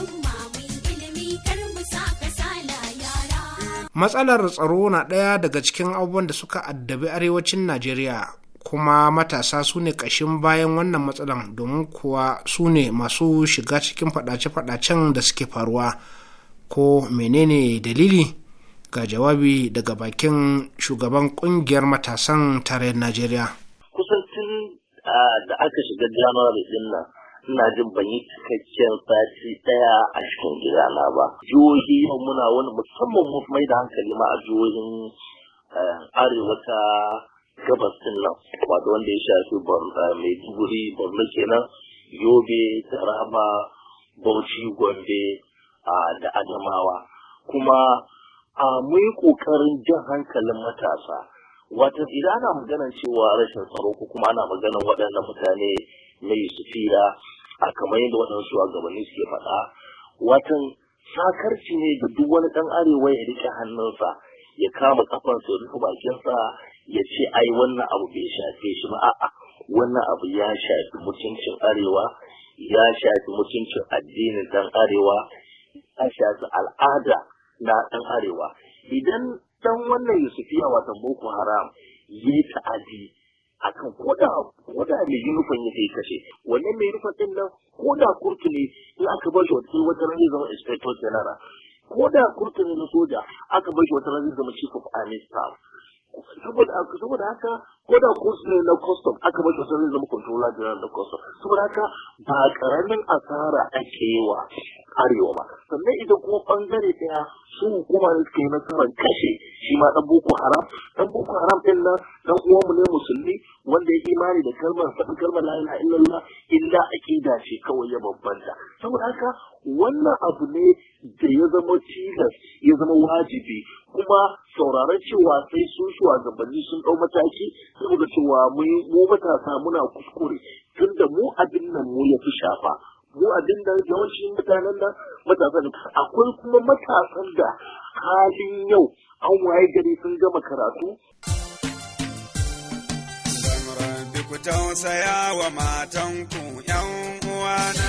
matsalar tsaro na ɗaya daga cikin abubuwan da suka addabi arewacin najeriya kuma matasa su ne ƙashin bayan wannan matsalar, domin kuwa su ne masu shiga cikin faɗace-faɗacen da suke faruwa ko menene dalili ga jawabi daga bakin shugaban ƙungiyar matasan tarayyar najeriya kusan ah, da aka shiga din nan ina jin ban yi cikakken sati daya a cikin gidana ba jihohi yau muna wani musamman mu mai da hankali ma a jihohin eh, arewa ta gabas din nan wato wanda ya shafi eh, mai duguri borno kenan yobe taraba bauchi gombe da adamawa kuma a mai kokarin jan hankalin matasa wata idan ana maganar cewa rashin tsaro ko kuma ana maganar waɗannan mutane na yusufiya a kamar yadda waɗansu a gabanin suke faɗa watan sakarci ne da duk wani ɗan arewa ya riƙe hannunsa ya kama kafansa ya rufe bakinsa ya ce ai wannan abu bai shafe shi ba a'a wannan abu ya shafi mutuncin arewa ya shafi mutuncin addinin ɗan arewa ya shafi al'ada na ɗan arewa idan dan wannan yusufiya watan boko haram ya ta'adi akan koda koda mai yunifon ya sai kashe wannan mai yunifon din nan koda kurtu ne in aka bar shi wata wata ran zama inspector general koda kurtu ne na soja aka bar shi wata ran zama chief of army staff saboda saboda haka ko da ne na custom aka bashi sai zai zama controller general na custom saboda haka ba karamin asara ake yi wa arewa ba sannan idan kuma bangare daya su hukuma ne na nasarar kashe shi ma dan boko haram dan boko haram din nan dan mu ne musulmi wanda ya imani da kalmar faɗin kalmar la ilaha illallah illa aqida ce kawai ya bambanta saboda haka wannan abu ne da ya zama tilas ya zama wajibi kuma sauraron cewa sai su shugabanni sun ɗau mataki saboda cewa mu matasa muna kuskure tunda mu abin nan mu ya fi shafa mu abin da yawanci mutanen da matasa ne akwai kuma matasan da halin yau an waye gari sun gama karatu ku tausaya wa matanku Ku ‘yan uwana.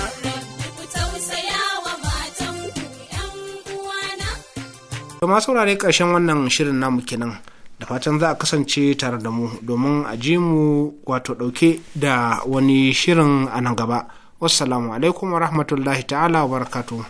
Kama saurare ƙarshen wannan shirin namu kenan. da fatan za a kasance tare da mu domin a ji mu wato ɗauke da wani shirin a nan gaba wassalamu alaikum wa rahmatullahi ta'ala wa barakatuhu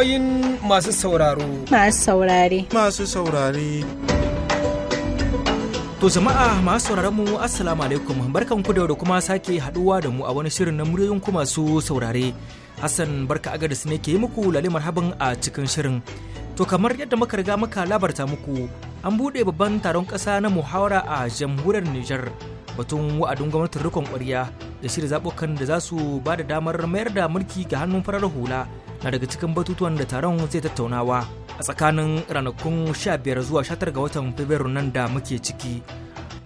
Ra'ayoyin masu sauraro. Masu saurare. Masu saurare. To jama'a masu sauraron mu assalamu alaikum barkan ku da kuma sake haduwa da mu a wani shirin na muryoyin ku masu saurare. Hassan barka agadis ne ke yi muku lalle marhaban a cikin shirin. To kamar yadda muka riga muka labarta muku an buɗe babban taron ƙasa na muhawara a jamhuriyar Nijar. batun wa'adin gwamnatin rikon ƙwarya da shirya zaɓukan da za su ba da damar mayar da mulki ga hannun farar hula na daga cikin batutuwan da taron zai tattaunawa a tsakanin ranakun 15 zuwa 19 ga watan fabrairu nan da muke ciki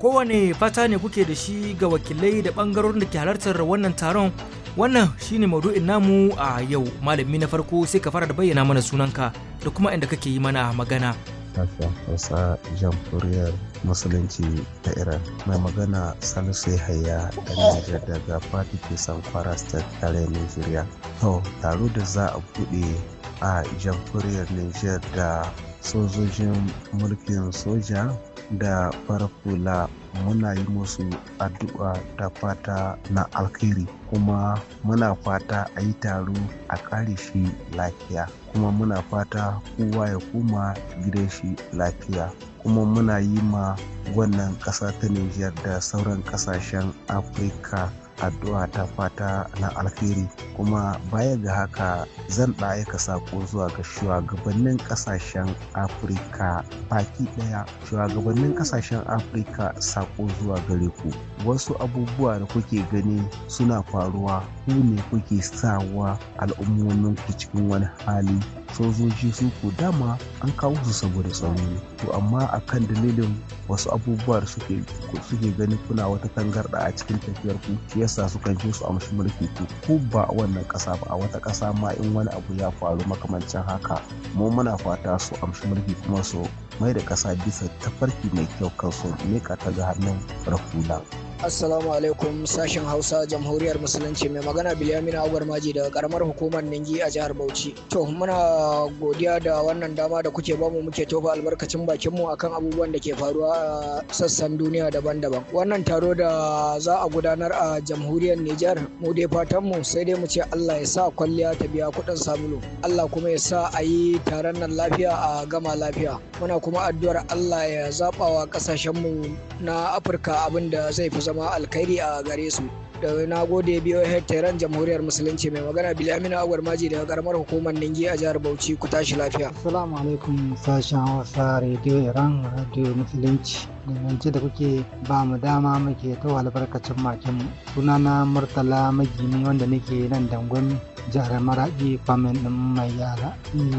kowane fata ne kuke da shi ga wakilai da ɓangarorin da ke halartar wannan taron wannan shine maudu'in namu a yau malami na farko sai ka fara da bayyana mana sunanka da kuma inda kake yi mana magana littafin hausa jamhuriyar musulunci ta iran mai magana salisu haya da Niger daga fati ke sankwara state tare nigeria to taro da za a buɗe a jamhuriyar niger da sojojin mulkin soja da farfula muna yi musu addu'a ta fata na alkhairi kuma muna fata a yi taro a ƙare shi lafiya kuma muna fata kowa ya koma gidan shi lafiya kuma muna yi ma wannan ƙasa ta Nijar da sauran ƙasashen Afirka addu'a ta fata na alheri. kuma baya ga haka zan ɗaya sako zuwa ga shugabannin ƙasashen afirka baki ɗaya shugabannin ƙasashen afirka sako zuwa gare ku wasu abubuwa da kuke gani suna faruwa ku ne kuke sawa al'ummomin ku cikin wani hali sojoji su ku dama an kawo su saboda tsaro ne to amma a kan dalilin wasu abubuwa da suke gani ganin kuna wata tangarda a cikin tafiyar ku shi yasa su kan je su amshi mulki ku ko ba a wannan ƙasa ba a wata kasa ma in wani abu ya faru makamancin haka mu muna fata su amshi mulki kuma su mai da ƙasa bisa tafarki mai kyau kan kansu meka ta ga hannun rahula. Assalamu alaikum sashen Hausa Jamhuriyar Musulunci mai magana Bilyamina Agwar Maji daga karamar hukumar Ningi a jihar Bauchi. To muna godiya da wannan dama da kuke bamu muke tofa albarkacin bakinmu akan abubuwan da ke faruwa a sassan duniya daban-daban. Wannan taro da za a gudanar a Jamhuriyar Nijar mu dai fatanmu sai dai mu ce Allah ya sa kwalliya ta biya kuɗin sabulu. Allah kuma ya sa a yi taron nan lafiya a gama lafiya. Muna kuma addu'ar Allah ya zaɓawa ƙasashenmu na Afirka abin da zai fi zama alkhairi a gare su. da na gode biyo tehran jamhuriyar musulunci mai magana bilamina agwar maji daga karamar hukumar ningi a jihar bauchi ku tashi lafiya assalamu alaikum sashen hausa radio iran radio musulunci dangance da kuke ba mu dama muke ta albarkacin makin sunana murtala magini wanda nake nan dangwani jihar maraɗi famin ɗin mai yara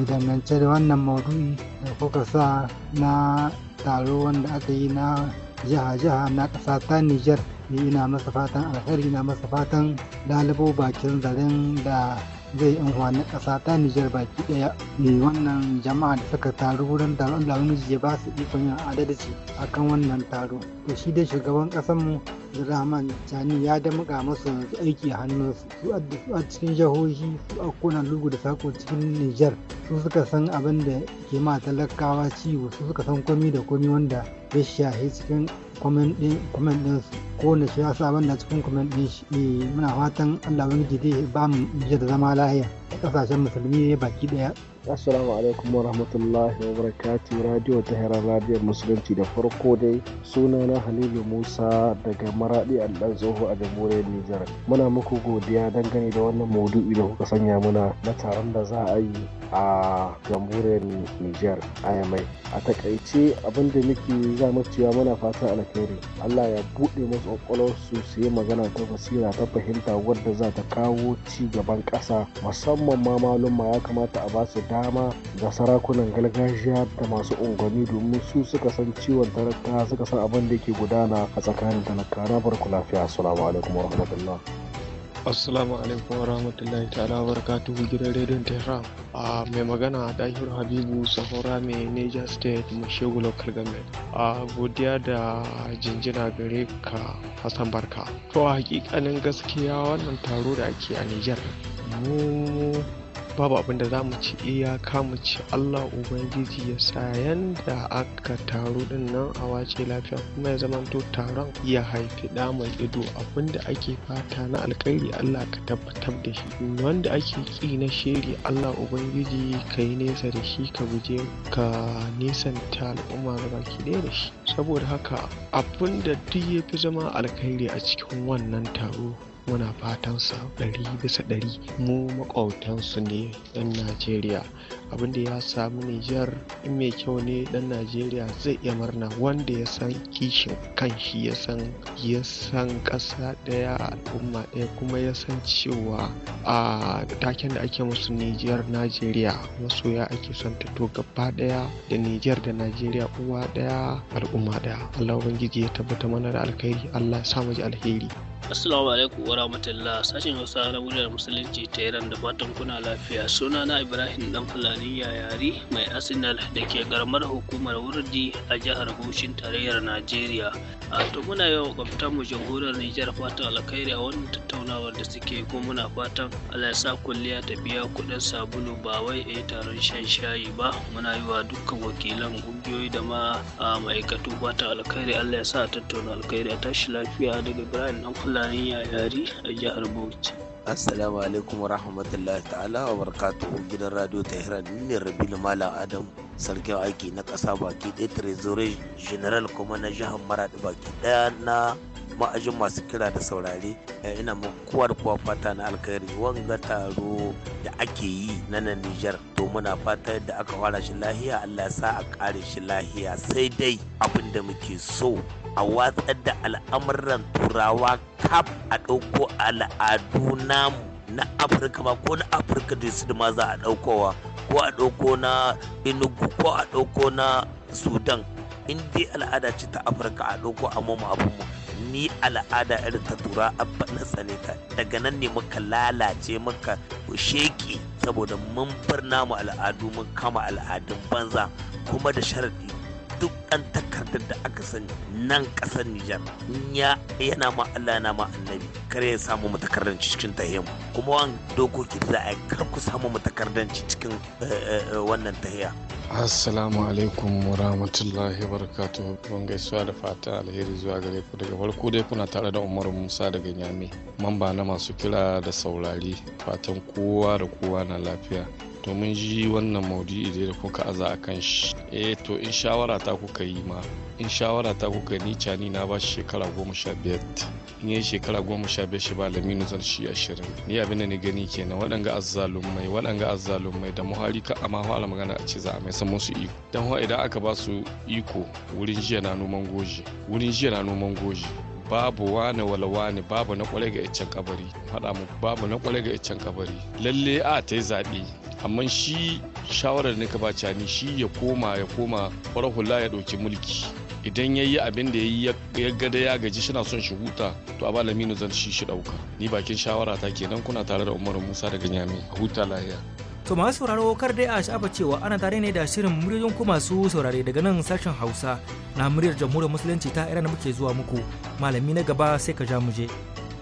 dangance da wannan maudu'i da kuka sa na taro wanda aka yi na jiha-jiha na ƙasa ta nijar ina masa fatan alheri ina masa fatan lalibo bakin zaren da zai yi na ƙasa ta Nijar baki ɗaya. ne Wannan jama'a da suka taru wurin taron Lamiji ya ba su ikon yin adalci a kan wannan taro. To shi dai shugaban mu Rahman Jani ya damuka masu aiki a hannunsu. Su a cikin jihohi su a kona lugu da sako cikin Nijar su suka san abin da ke ma talakawa ciwo su suka san komi da komi wanda ya shahe cikin comment din kowane su ya sa da cikin comment din shi muna fatan Allah wani zai ba mu da zama lahiya a kasashen musulmi baki daya Assalamu alaikum wa rahmatullahi wa barakati radio ta heran radiyar musulunci da farko dai suna na Halilu Musa daga Maradi Allah Zoho a jamhuriyar Nijar. Muna muku godiya dangane da wannan maudu'i da kuka sanya muna na taron da za a yi a jamhuriyar Nijar a Yamai. A takaice abin da muke za mu cewa muna fatan alkhairi. Allah ya buɗe masu ƙwaƙwalwar su su yi magana ta basira ta fahimta wadda za ta kawo ci gaban ƙasa musamman ma malumma ya kamata a ba su dama da sarakunan gargajiya da masu unguwanni domin su suka san ciwon talaka suka san abin da ke gudana a tsakanin talaka na barku lafiya assalamu alaikum warahmatullah assalamu alaikum warahmatullahi ta'ala barakatuhu gidan rediyon tehran a mai magana dahir habibu sahura mai niger state mashegu local government a godiya da jinjina gare ka hassan barka to a hakikanin gaskiya wannan taro da ake a Nijar? mu babu abin da za mu ci iyaka mu ci allah ubangiji ya sa yanda aka taru din nan a wace lafiya kuma ya zamanto taron ya haifi da mai ido abin da ake fata na alkairi allah ka tabbatar da shi wanda ake ki na shiri allah ubangiji ka yi nesa da shi ka guje ka nisanta al'umma gaba ki ɗaya da shi saboda haka abin da duk ya fi zama alkairi a cikin wannan taro muna fatan sa ɗari bisa ɗari mu maƙwabtansu ne ɗan najeriya abin da ya samu nijar in mai kyau ne ɗan najeriya zai iya murna wanda ya san kishin kan shi ya san ya san ƙasa ɗaya al'umma ɗaya kuma ya san cewa a taken da ake musu nijar najeriya masoya ake son ta to gaba ɗaya da nijar da najeriya uwa ɗaya al'umma ɗaya allah ubangiji ya tabbata mana da alkhairi allah ya sa ji alheri Assalamu alaikum wa rahmatullah sashen Hausa na muryar Musulunci ta Iran da fatan kuna lafiya suna na Ibrahim dan Fulani Yayari mai Arsenal da ke garmar hukumar Wurdi a jihar Bauchin tarayyar Najeriya. A to muna yau kwamfutar mu jamhuriyar Nijar fatan alkhairi a wannan tattaunawar da suke ko muna fatan Allah ya sa kulliya ta biya kuɗin sabulu ba wai a taron shan shayi ba muna yi wa dukkan wakilan ƙungiyoyi da ma a ma'aikatu fatan alkhairi Allah ya sa tattauna alkhairi a tashi lafiya daga Ibrahim dan Fulani السلام عليكم ورحمة الله تعالى وبركاته جد الراديو تهران من لما لا أدم سلقى أكي نك أصابك دي تريزوري جنرال كومانا جهام مراد باكي ma'ajin masu kira da saurare eh, ina kowa da kowa fata na alkhairi wanga taro da ake yi na nan Nijar to muna fata da aka fara shi lahiya Allah sa a kare shi lahiya sai dai abin da muke so a watsar da al'amuran turawa kaf a ɗauko al'adu namu na afirka ma ko na afirka da su ma za a ɗaukowa ko a ɗauko na inugu ko a ɗauko na sudan in dai al'ada ce ta afirka a ɗauko a mu abinmu ni al'ada irin ta tura abba na tsane ta daga nan ne muka lalace muka sheki saboda mun bar namu al'adu mun kama al'adun banza kuma da sharadi duk ɗan takardar da aka sani nan kasar Nijar ya yana ma Allah yana ma annabi kar ya samu mu cikin tahiyyar kuma wan dokoki da za a yi kar ku samu mu cikin eh, eh, eh, wannan tahiyya Assalamu alaikum wa rahmatullahi wa barakatuhu. don gaisuwa da fata alheri zuwa gare ku daga farko dai kuna tare da Umar Musa daga Nyame. Mamba na masu kira da saurari fatan kowa da kowa na lafiya. to mun ji wannan maudu'i da kuka aza a kan shi eh to in shawara ta kuka yi ma in shawara ta kuka ni cani na ba shi shekara goma sha biyar in yi shekara goma sha biyar shi ba laminu zan shi ashirin ni abin da ni gani kenan waɗanga azzalumai waɗanga azzalumai da muhari ka amma fa ala magana a ce za a mai san musu iko dan fa idan aka ba su iko wurin jiya na noman goji wurin jiya na noman goji babu wane walawane babu na kwarai ga iccen kabari faɗa mu babu na kwarai ga iccen kabari lalle a ta yi zaɓe amma shi shawarar da ka ba cani shi ya koma ya koma farar hula ya dauki mulki idan ya yi abin da ya gada ya gaji shi na son shi huta to a ba zan shi shi dauka ni bakin shawara ta kenan kuna tare da umaru musa daga nyami a huta lahiya To masu sauraro kar dai a sha'aba cewa ana tare ne da shirin muryoyin ku masu saurare daga nan sashen Hausa na muryar jamhuriyar musulunci ta da muke zuwa muku malami na gaba sai ka ja mu je.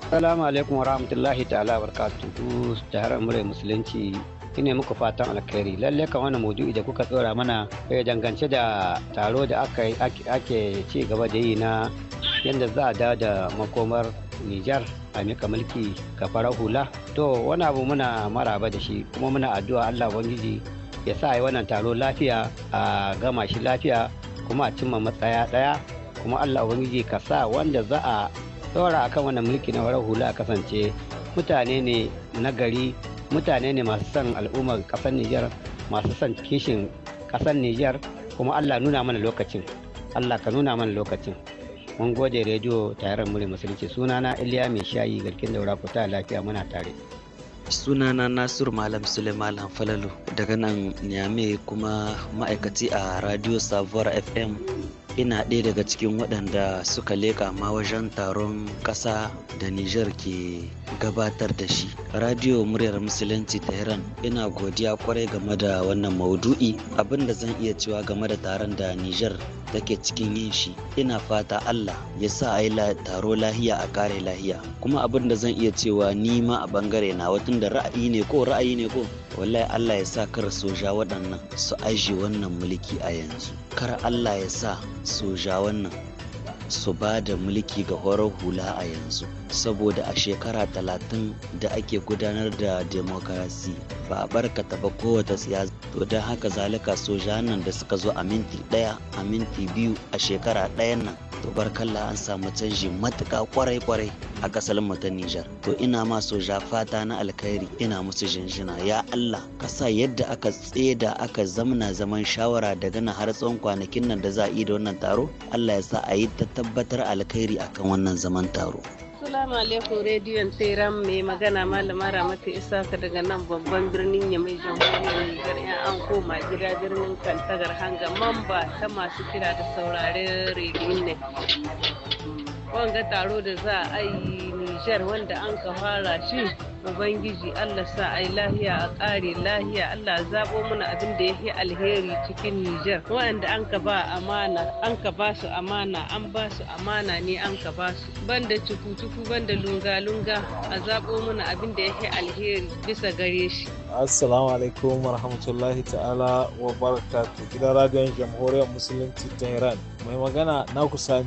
Assalamu alaikum wa rahmatullahi ta'ala barkatu jihar muryar musulunci shine muku fatan alkhairi lalle kan wannan maudu'i da kuka tsora mana ya eh, dangance da taro da aka ake ci gaba da yi na yadda za a dawo da makomar Nijar a mika mulki ga farar hula to wani abu muna maraba da shi kuma muna addu'a Allah Ubangiji ya sa yi wannan taro lafiya a gama shi lafiya kuma a cimma matsaya ɗaya kuma Allah Ubangiji ka sa wanda za a a akan wannan mulki na farar hula a kasance mutane ne na gari mutane ne masu son al'ummar kasar Nijar masu son kishin kasar Nijar kuma Allah nuna mana lokacin Allah ka nuna mana lokacin mun gode rediyo tayaran mure musulunci sunana Iliya mai shayi garkin daura kuta lafiya muna tare sunana nasir malam suleiman falalu daga nan niamey kuma ma'aikaci a radio sabuwar fm ina ɗaya daga cikin waɗanda suka leƙa ma wajen taron ƙasa da Nijar ke gabatar da shi. Radio muryar Musulunci Tehran ina godiya kwarai game da wannan maudu'i Abinda zan iya cewa game da taron da Nijar take cikin yin shi ina fata Allah ya sa a yi taro lahiya a kare lahiya kuma abinda zan iya cewa ni ma a bangare na watan da ra'ayi ne ko ra'ayi ne ko wallahi Allah ya sa kar soja waɗannan su aji wannan mulki a yanzu kar Allah ya sa Soja wannan su ba da mulki ga horar hula a yanzu saboda a shekara talatin da ake gudanar da demokarasi ba a barkata ba kowace siyasa to don haka zalika soja nan da suka zo a minti ɗaya a minti biyu a shekara ɗayan nan to barkalla an samu canji matuka kwarai-kwarai a ƙasar mu ta Nijar. To ina ma soja fata na alkhairi ina musu jinjina ya Allah kasa yadda aka tseda aka zamna zaman shawara da na har tsawon kwanakin nan da za a yi da wannan taro Allah ya sa a yi ta tabbatar alkhairi akan wannan zaman taro. Assalamu alaikum rediyon Teram mai magana malama Ramatu ka daga nan babban birnin mai jamhuriyar Nijar yan an koma gida birnin Kantagar hanga mamba ta masu kira da saurare rediyon ne. Wanga taro da za a yi Nijar wanda an ka fara shi ubangiji allah sa ai lahiya a ƙare lahiya allah zabo mana abin da ya fi alheri cikin nijar waɗanda an ka ba amana an ka ba su amana an ba su amana ne an ka ba su banda cuku-cuku banda lunga-lunga a zabo mana abin da ya fi alheri bisa gare shi assalamu alaikum wa rahmatullahi ta'ala wa barakatuh gidan radiyon jamhuriyar musulunci ta mai magana na kusa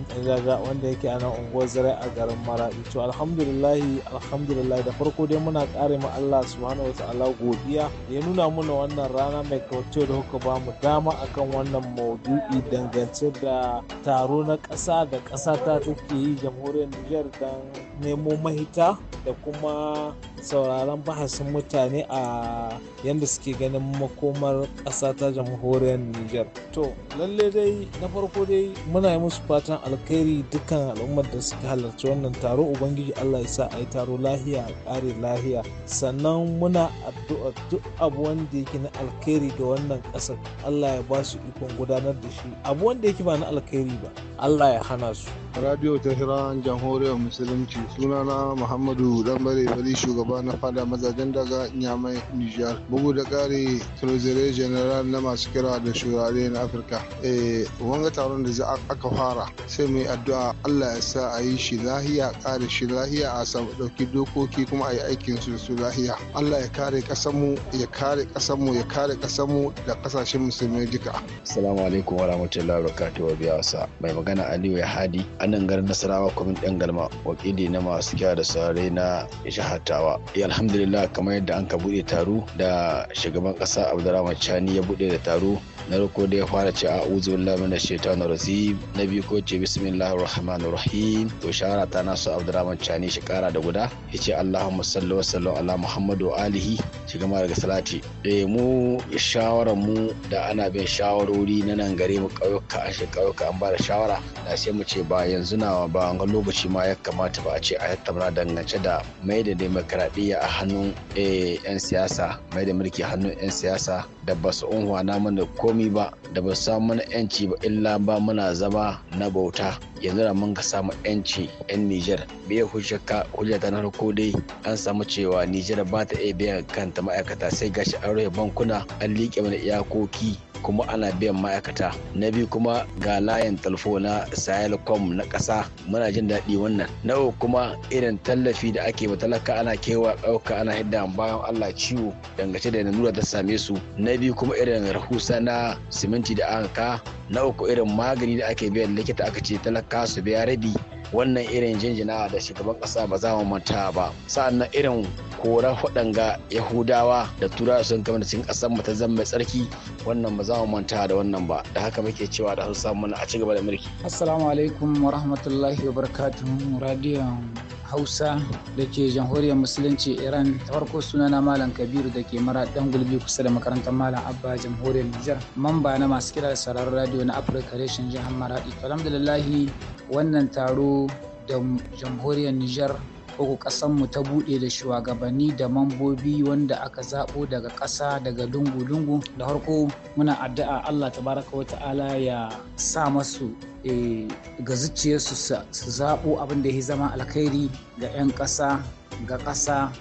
wanda yake a nan unguwar zare a garin maraɗi to alhamdulillahi alhamdulillahi da farko dai muna ƙare ma Allah subhanahu wata'ala godiya da ya nuna muna wannan rana mai kyautu da kuka ba mu dama akan wannan maudu'i dangance da taro na ƙasa da ƙasa ta take yi jamhuriyar Nijar don nemo mahita da kuma sauraron bahasin mutane a yadda suke ganin makomar ƙasa ta jamhuriyar Nijar. To, lalle dai na farko dai muna yi musu fatan alkhairi dukkan al'ummar da suka halarci wannan taro Ubangiji Allah ya sa a yi taro lahiya a ƙare lahiya. lahiya sannan muna addu'a duk abu wanda yake na alkhairi ga wannan kasar allah ya ba su ikon gudanar da shi abu wanda yake ba na alkhairi ba allah ya hana su radio tehran jamhuriyar musulunci sunana muhammadu dambare bari shugaba na fada mazajen daga nyamai nijar bugu da kare trezere general na masu kira da shurare na afirka eh, wanga taron da aka fara sai mai addu'a allah ya sa a yi shi lahiya kare shi lahiya a dauki dokoki kuma a yi aiki su su lahiya allah ya kare kasanmu ya kare kasanmu ya kare kasanmu da kasashen musulmi duka assalamu alaikum wa rahmatullahi wa biyasa mai magana aliyu ya hadi anan garin nasarawa kwamin dan galma wakili na masu kya da sare na shahatawa eh, alhamdulillah kamar yadda an ka bude taro da shugaban kasa abdurrahman chani ya bude da taro na roko da ya fara ce a uzu billahi minash shaitanir rajim na biyu ko ce bismillahir rahmanir rahim to shahara ta nasu abdurrahman chani shi kara da guda yace allahumma sallu". wa sallam ala muhammadu alihi shi gama daga salati eh mu shawaran mu da ana bin shawarori na nan gare mu ƙauyuka an shi ƙauyuka an ba da shawara da sai mu ce ba yanzu na ba an ga lokaci ma ya kamata ba a ce a tattauna dangance da mai da demokaradiyya a hannun eh, 'yan siyasa mai da mulki hannun 'yan siyasa da ba su unhwana mana komi ba da ba samu mana yanci ba illa ba muna zama na bauta yanzu da mun ka samu yanci yan Nijar bai hujjaka hujja ta nan ko dai an samu cewa Nijar ba ta iya biyan kanta ma'aikata sai gashi an rufe bankuna an liƙe mana iyakoki kuma ana biyan ma'aikata na biyu kuma ga layin talfo na sahelcom na ƙasa muna jin daɗi wannan na uku kuma irin tallafi da ake ba talaka ana kewa ɗauka ana hidda bayan allah ciwo dangace da nura ta same su na biyu kuma irin rahusa na siminti da aka na uku irin magani da ake biyan likita aka ce talaka su biya rabi wannan irin jinjina da shugaban kasa ba za mu manta ba sa'annan irin kora waɗanga yahudawa da turawa sun kama da cikin ƙasar mu ta zama tsarki wannan ba za mu manta da wannan ba da haka muke cewa da hausa mana a ci gaba da mulki assalamu alaikum wa rahmatullahi wa barakatuhu radiyon hausa da ke jamhuriyar musulunci iran ta farko sunana malam kabiru da ke mara dan gulbi kusa da makarantar malam abba jamhuriyar nijar mamba na masu kira da sararin radio na afirka reshen jihar maradi alhamdulillahi wannan taro da jamhuriyar nijar uku mu ta buɗe da shugabanni da mambobi wanda aka zaɓo daga ƙasa daga lungu-lungu da farko muna addu'a Allah tabaraka wa ta'ala ya sa masu Eh, ga zuciyarsu su zaɓo abin da ya zama alkhairi ga 'yan ƙasa ga ƙasa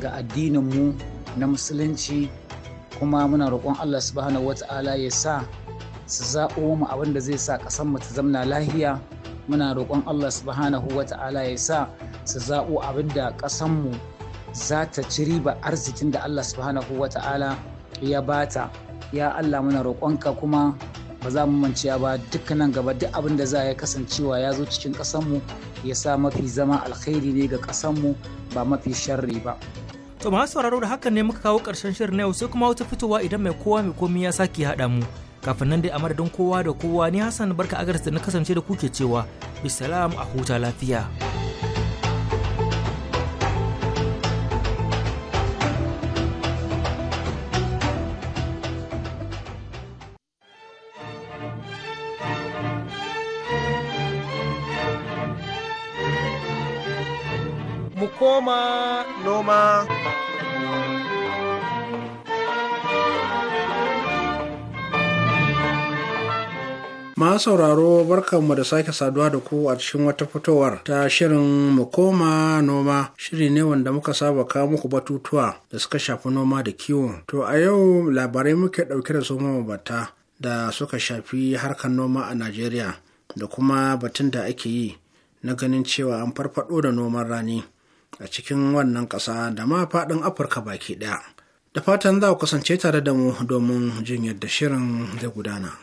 ga addininmu na musulunci kuma muna roƙon allah subhanahu wata'ala ya sa su zaɓo mu abin da zai sa ƙasanmu ta zamna lahiya muna roƙon allah subhanahu wata'ala ya sa su zaɓo abin da ƙasanmu za ta ci riba arzikin da allah subhanahu wata'ala ya bata ya allah muna roƙonka kuma ba za mu manciya ba dukkanin gaba duk abin da za ya kasancewa ya zo cikin ƙasanmu ya sa mafi zama alkhairi ne ga ƙasanmu ba mafi sharri ba. To masu sauraro da hakan ne muka kawo ƙarshen shirin na yau sai kuma wata fitowa idan mai kowa mai komi ya sake haɗa mu. Kafin nan dai a madadin kowa da kowa ni Hassan barka agarsa na kasance da kuke cewa bisalam a huta lafiya. koma noma. Ma sauraro barkanmu da sake saduwa da ku a cikin wata fitowar ta shirin mu koma noma shiri ne wanda muka saba kawo muku batutuwa da suka shafi noma da kiwo. To a yau labarai muke ɗauke da su mabata da suka shafi harkar noma a Najeriya da kuma batun da ake yi na ganin cewa an farfado da noman rani. a cikin wannan ƙasa da ma faɗin afirka baki ɗaya da fatan za ku kasance tare da mu domin jin yadda shirin zai gudana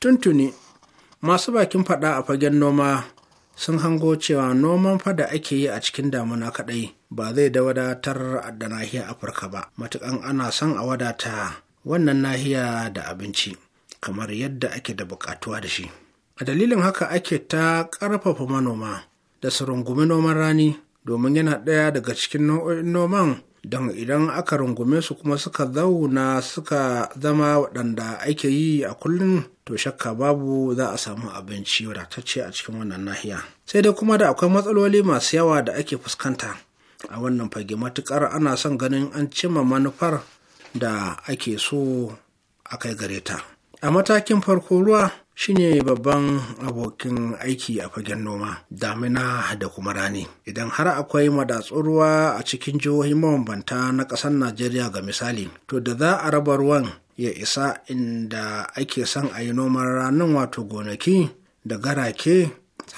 tuntuni masu bakin fada a fagen noma sun hango cewa noman fada ake yi a cikin damuna kaɗai ba zai da wadatar da nahiyar afirka ba matukan ana son a wadata wannan nahiya da abinci kamar yadda ake da bukatuwa da shi a dalilin haka ake ta ƙarfafa manoma da su rungumi noman rani domin yana ɗaya daga cikin nau'o'in noman don idan aka rungume su kuma suka zauna suka zama waɗanda ake yi a kullum to shakka babu za a samu abinci wadatacce a cikin wannan nahiya sai dai kuma da akwai matsaloli masu yawa da ake fuskanta a wannan fage matukar ana son ganin an cimma manufar da ake so a kai gare ta A matakin farko ruwa shine babban abokin aiki a fagen noma, damina da kuma rani. Idan har akwai madatsun ruwa a cikin jihohi mabambanta na ƙasar Najeriya ga misali, to da za a raba ruwan ya isa inda ake son a yi noman ranin wato gonaki da garake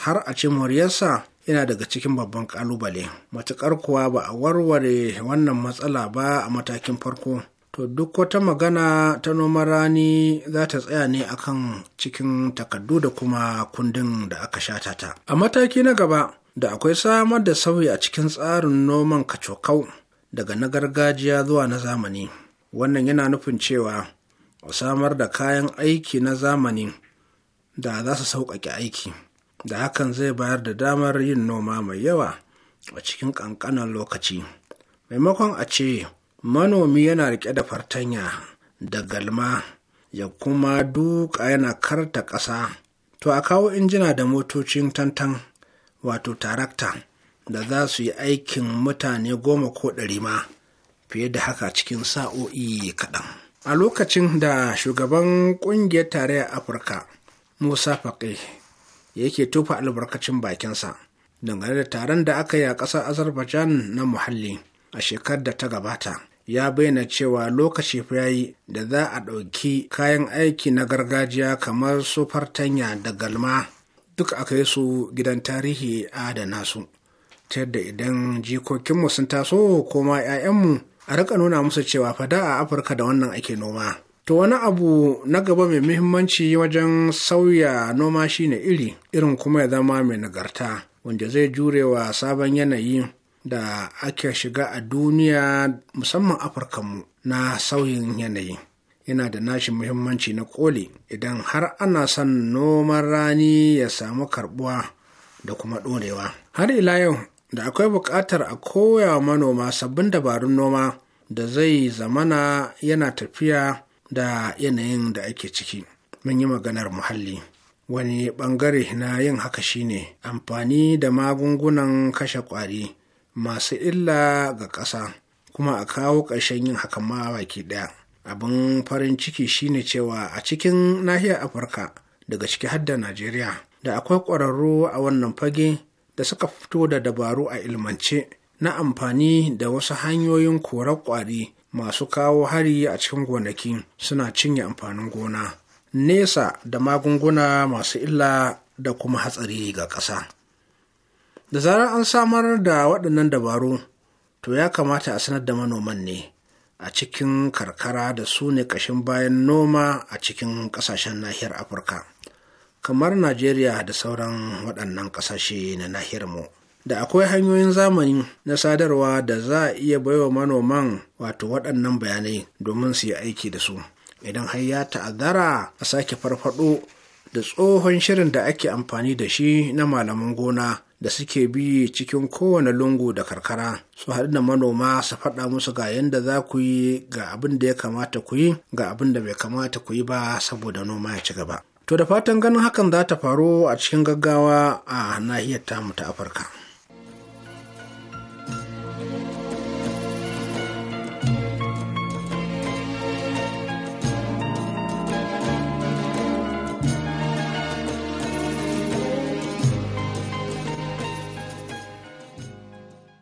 har a ci muryarsa yana daga cikin babban kalubale matuƙar kuwa ba a warware wannan matsala ba a matakin farko to duk wata magana ta noman rani za ta tsaya ne akan cikin takardu da kuma kundin da aka shata ta. A mataki na gaba da akwai samar da sauyi a cikin tsarin noman kacokau daga na gargajiya zuwa na zamani. Wannan yana nufin cewa a samar da kayan aiki na zamani da za su sauƙaƙe aiki, da hakan zai bayar da damar yin noma mai yawa a cikin ƙanƙanan lokaci. Maimakon a ce manomi yana rike da fartanya da galma ya kuma duka yana karta ƙasa to a kawo injina da motocin tantan wato tarakta da za su yi aikin mutane goma ko ɗari ma fiye da haka cikin sa'o'i kaɗan a lokacin da shugaban ƙungiyar tarayyar afirka musa faƙi yake tufa albarkacin bakinsa dangane da taron da aka yi a ƙasar azerbaijan na muhalli a shekarar da ta gabata ya bayyana cewa lokaci ya yi da za a ɗauki kayan aiki na gargajiya kamar su fartanya da galma duk a kai su gidan tarihi adana su ta yadda idan jikokinmu sun taso koma 'ya'yanmu a rika nuna musu cewa fada a afirka da wannan ake noma to wani abu na gaba mai muhimmanci wajen sauya noma shine iri irin kuma ya zama mai nagarta wanda zai jurewa sabon yanayi da ake shiga a duniya musamman afirkanmu na sauyin yanayi yana da nashi muhimmanci na koli idan har ana son noman rani ya samu karbuwa da kuma ɗorewa har ila yau da akwai buƙatar a koya manoma sabbin dabarun noma da zai zamana yana tafiya da yanayin da ake ciki mun yi maganar muhalli wani ɓangare na yin haka shine amfani da magungunan kashe ƙwari masu illa ga ƙasa kuma a kawo ƙarshen yin hakan ma baki ɗaya abin farin ciki shine cewa a cikin nahiyar afirka daga ciki har da najeriya da akwai ƙwararru a wannan fage da suka fito da dabaru a ilmance na amfani da wasu hanyoyin korar ƙwari masu kawo hari a cikin gonaki suna cinye amfanin gona nesa da magunguna masu illa da kuma hatsari ga ƙasa. da zarar an samar da waɗannan dabaru to ya kamata a sanar da manoman ne a cikin karkara da su ne ƙashin bayan noma a cikin ƙasashen nahiyar afirka kamar najeriya da sauran waɗannan ƙasashe na nahiyar mu da akwai hanyoyin zamani na sadarwa da za a iya baiwa manoman wato waɗannan bayanai domin su yi aiki da su idan har ya ta'azzara a sake farfaɗo da tsohon shirin da ake amfani da shi na malaman gona da suke bi cikin kowane lungu da karkara su haɗu da manoma su faɗa musu ga yadda za ku yi ga abin da ya kamata ku yi ga abin da bai kamata ku yi ba saboda noma ya ci gaba to da fatan ganin hakan za ta faru a cikin gaggawa a nahiyar tamu ta afirka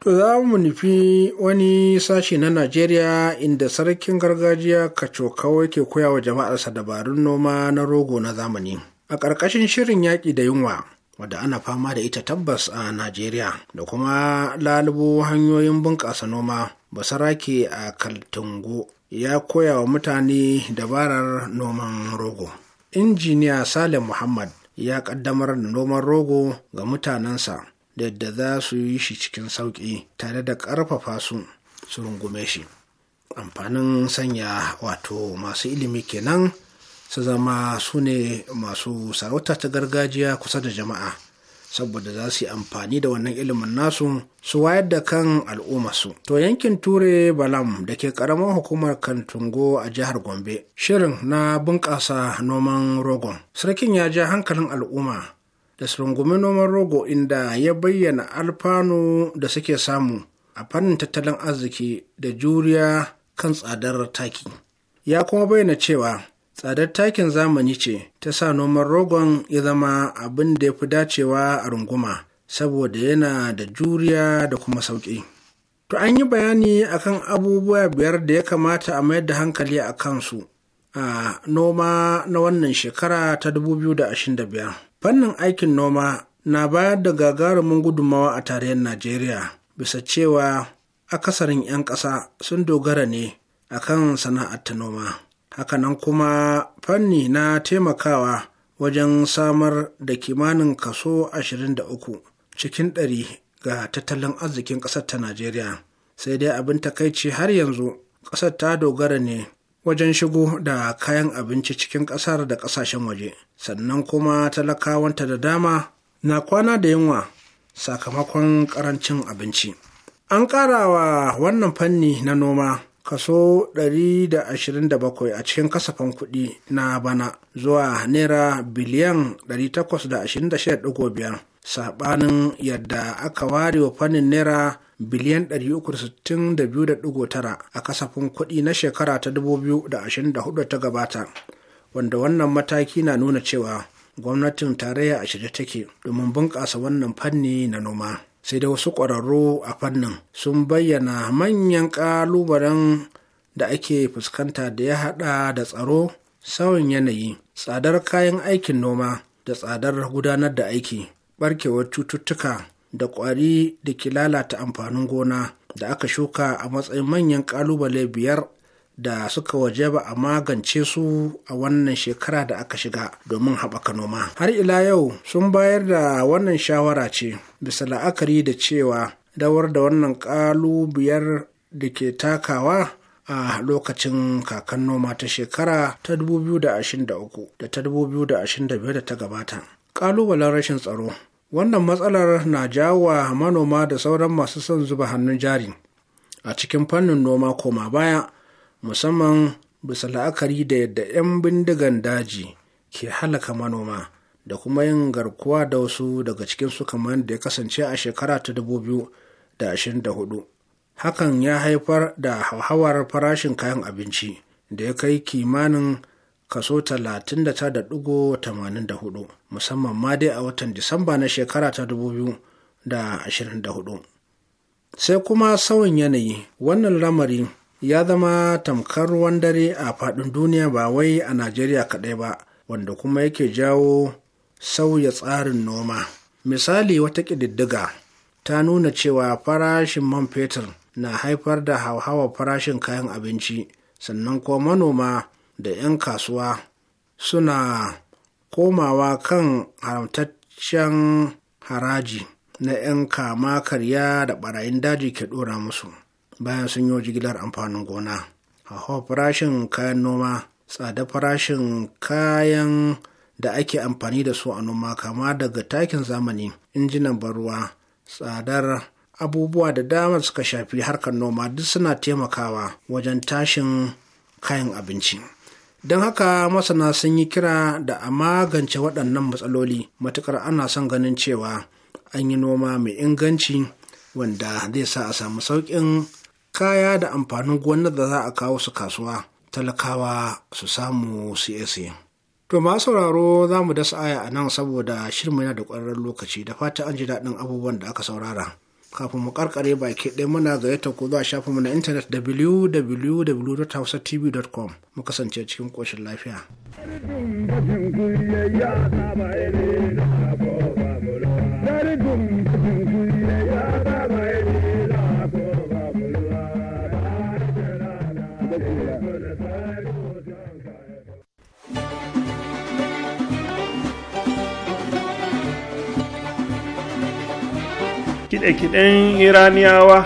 To za mu nufi wani sashi na Najeriya inda sarkin gargajiya kawai ke koya wa jama'arsa dabarun noma na rogo na zamani. A ƙarƙashin shirin yaƙi da yunwa, wadda ana fama da ita tabbas a Najeriya, da kuma lalubo hanyoyin bunƙasa noma, basarake a Kaltungo ya koya wa mutane dabarar noman rogo. Injiniya Salim Muhammad ya ƙaddamar da noman rogo ga mutanensa. da yadda za su yi shi cikin sauƙi tare da ƙarfafa su su rungume shi amfanin sanya wato masu ilimi kenan su zama su ne masu sarauta ta gargajiya kusa da jama'a saboda za su yi amfani da wannan ilimin nasu su wayar da kan su. To yankin Ture Balam da ke karamar hukumar Kantungo a jihar Gombe, shirin na bunƙasa noman rogon. Sarkin ya ja hankalin al'umma da su rungumi noman rogo inda ya bayyana alfanu da suke samu a fannin tattalin arziki da juriya kan tsadar taki ya kuma bayyana cewa tsadar takin zamani ce ta sa noman rogon ya zama abin da ya fi dacewa a runguma saboda yana da juriya da kuma sauƙi. To an yi bayani akan abubuwa biyar da ya kamata a mayar da hankali a kansu a noma na wannan shekara ta 2025. Fannin aikin noma na bayar da gagarumin gudummawa a tarayyar Najeriya bisa cewa akasarin 'yan ƙasa sun dogara ne a kan sana'ar ta noma. Hakanan kuma fanni na taimakawa wajen samar da kimanin kaso 23 cikin ɗari ga tattalin arzikin ƙasar ta Najeriya. Sai dai abin takaici har yanzu ƙasar ta dogara ne wajen shigo da kayan abinci cikin ƙasar da ƙasashen waje sannan kuma talakawanta da dama na kwana da yunwa sakamakon ƙarancin abinci an ƙara wannan fanni na noma kaso 127 a cikin kasafin kuɗi na bana zuwa naira biliyan 826.5 saɓanin yadda aka ware wa fannin naira biliyan 362.9 a kasafin kuɗi na shekara ta 2024 ta gabata wanda wannan mataki na nuna cewa gwamnatin tarayya a shirye take domin bunƙasa wannan fanni na noma sai da wasu ƙwararru a fannin sun bayyana manyan ƙalubalen da ake fuskanta da ya haɗa da tsaro sauyin yanayi tsadar kayan aikin noma da tsadar gudanar da aiki barkewar cututtuka da ƙwari da ke lalata amfanin gona da aka shuka a matsayin manyan ƙalubale biyar da suka waje ba a magance su a wannan shekara da aka shiga domin haɓaka noma. Har ila yau sun bayar da wannan shawara ce bisa la'akari da cewa dawar da wannan ƙalubiyar da ke takawa a lokacin kakan noma ta shekara ta 2023 da ta 2025 da ta gabata. Ƙalubalen rashin tsaro wannan matsalar na jawa manoma da sauran masu son zuba hannun jari a cikin fannin noma koma baya musamman bisa la'akari da yadda 'yan bindigan daji ke halaka manoma da kuma yin garkuwa da wasu daga cikinsu kamar da ya kasance a shekara ta dubu biyu da da ashirin hudu, hakan ya haifar da hauhawar farashin kayan abinci da ya kai kimanin kaso 39.84 musamman ma dai a watan disamba na shekara ta 2024 sai kuma sauyin yanayi wannan lamari ya zama tamkar dare a faɗin duniya ba wai a najeriya kaɗai ba wanda kuma yake jawo sauya tsarin noma misali wata ƙididdiga ta nuna cewa farashin man fetur na haifar da hauhawar farashin kayan abinci sannan kuma manoma da 'yan kasuwa suna komawa kan haramtaccen haraji na 'yan kama karya da barayin daji ke ɗora musu bayan sun yi jigilar amfanin gona hauhawar farashin kayan noma tsada farashin kayan da ake amfani da su a noma kama daga takin zamani injinan barwa tsadar abubuwa da dama suka shafi harkar noma duk suna taimakawa wajen tashin kayan abinci. don haka masana sun yi kira da a magance waɗannan matsaloli matuƙar ana son ganin cewa an yi noma mai inganci wanda zai sa a samu sauƙin kaya da amfanin gona da za a kawo su kasuwa talakawa su samu csa To ma sauraro za mu dasa aya a nan saboda shirma yana da ƙwararren lokaci da fata an ji daɗin abubuwan da aka saurara. kafin mu karkare baki ɗaya muna gayyata ku zuwa mu na intanet www.hausatv.com mu kasance cikin koshin lafiya. Dari dum kiɗe-kiɗen iraniyawa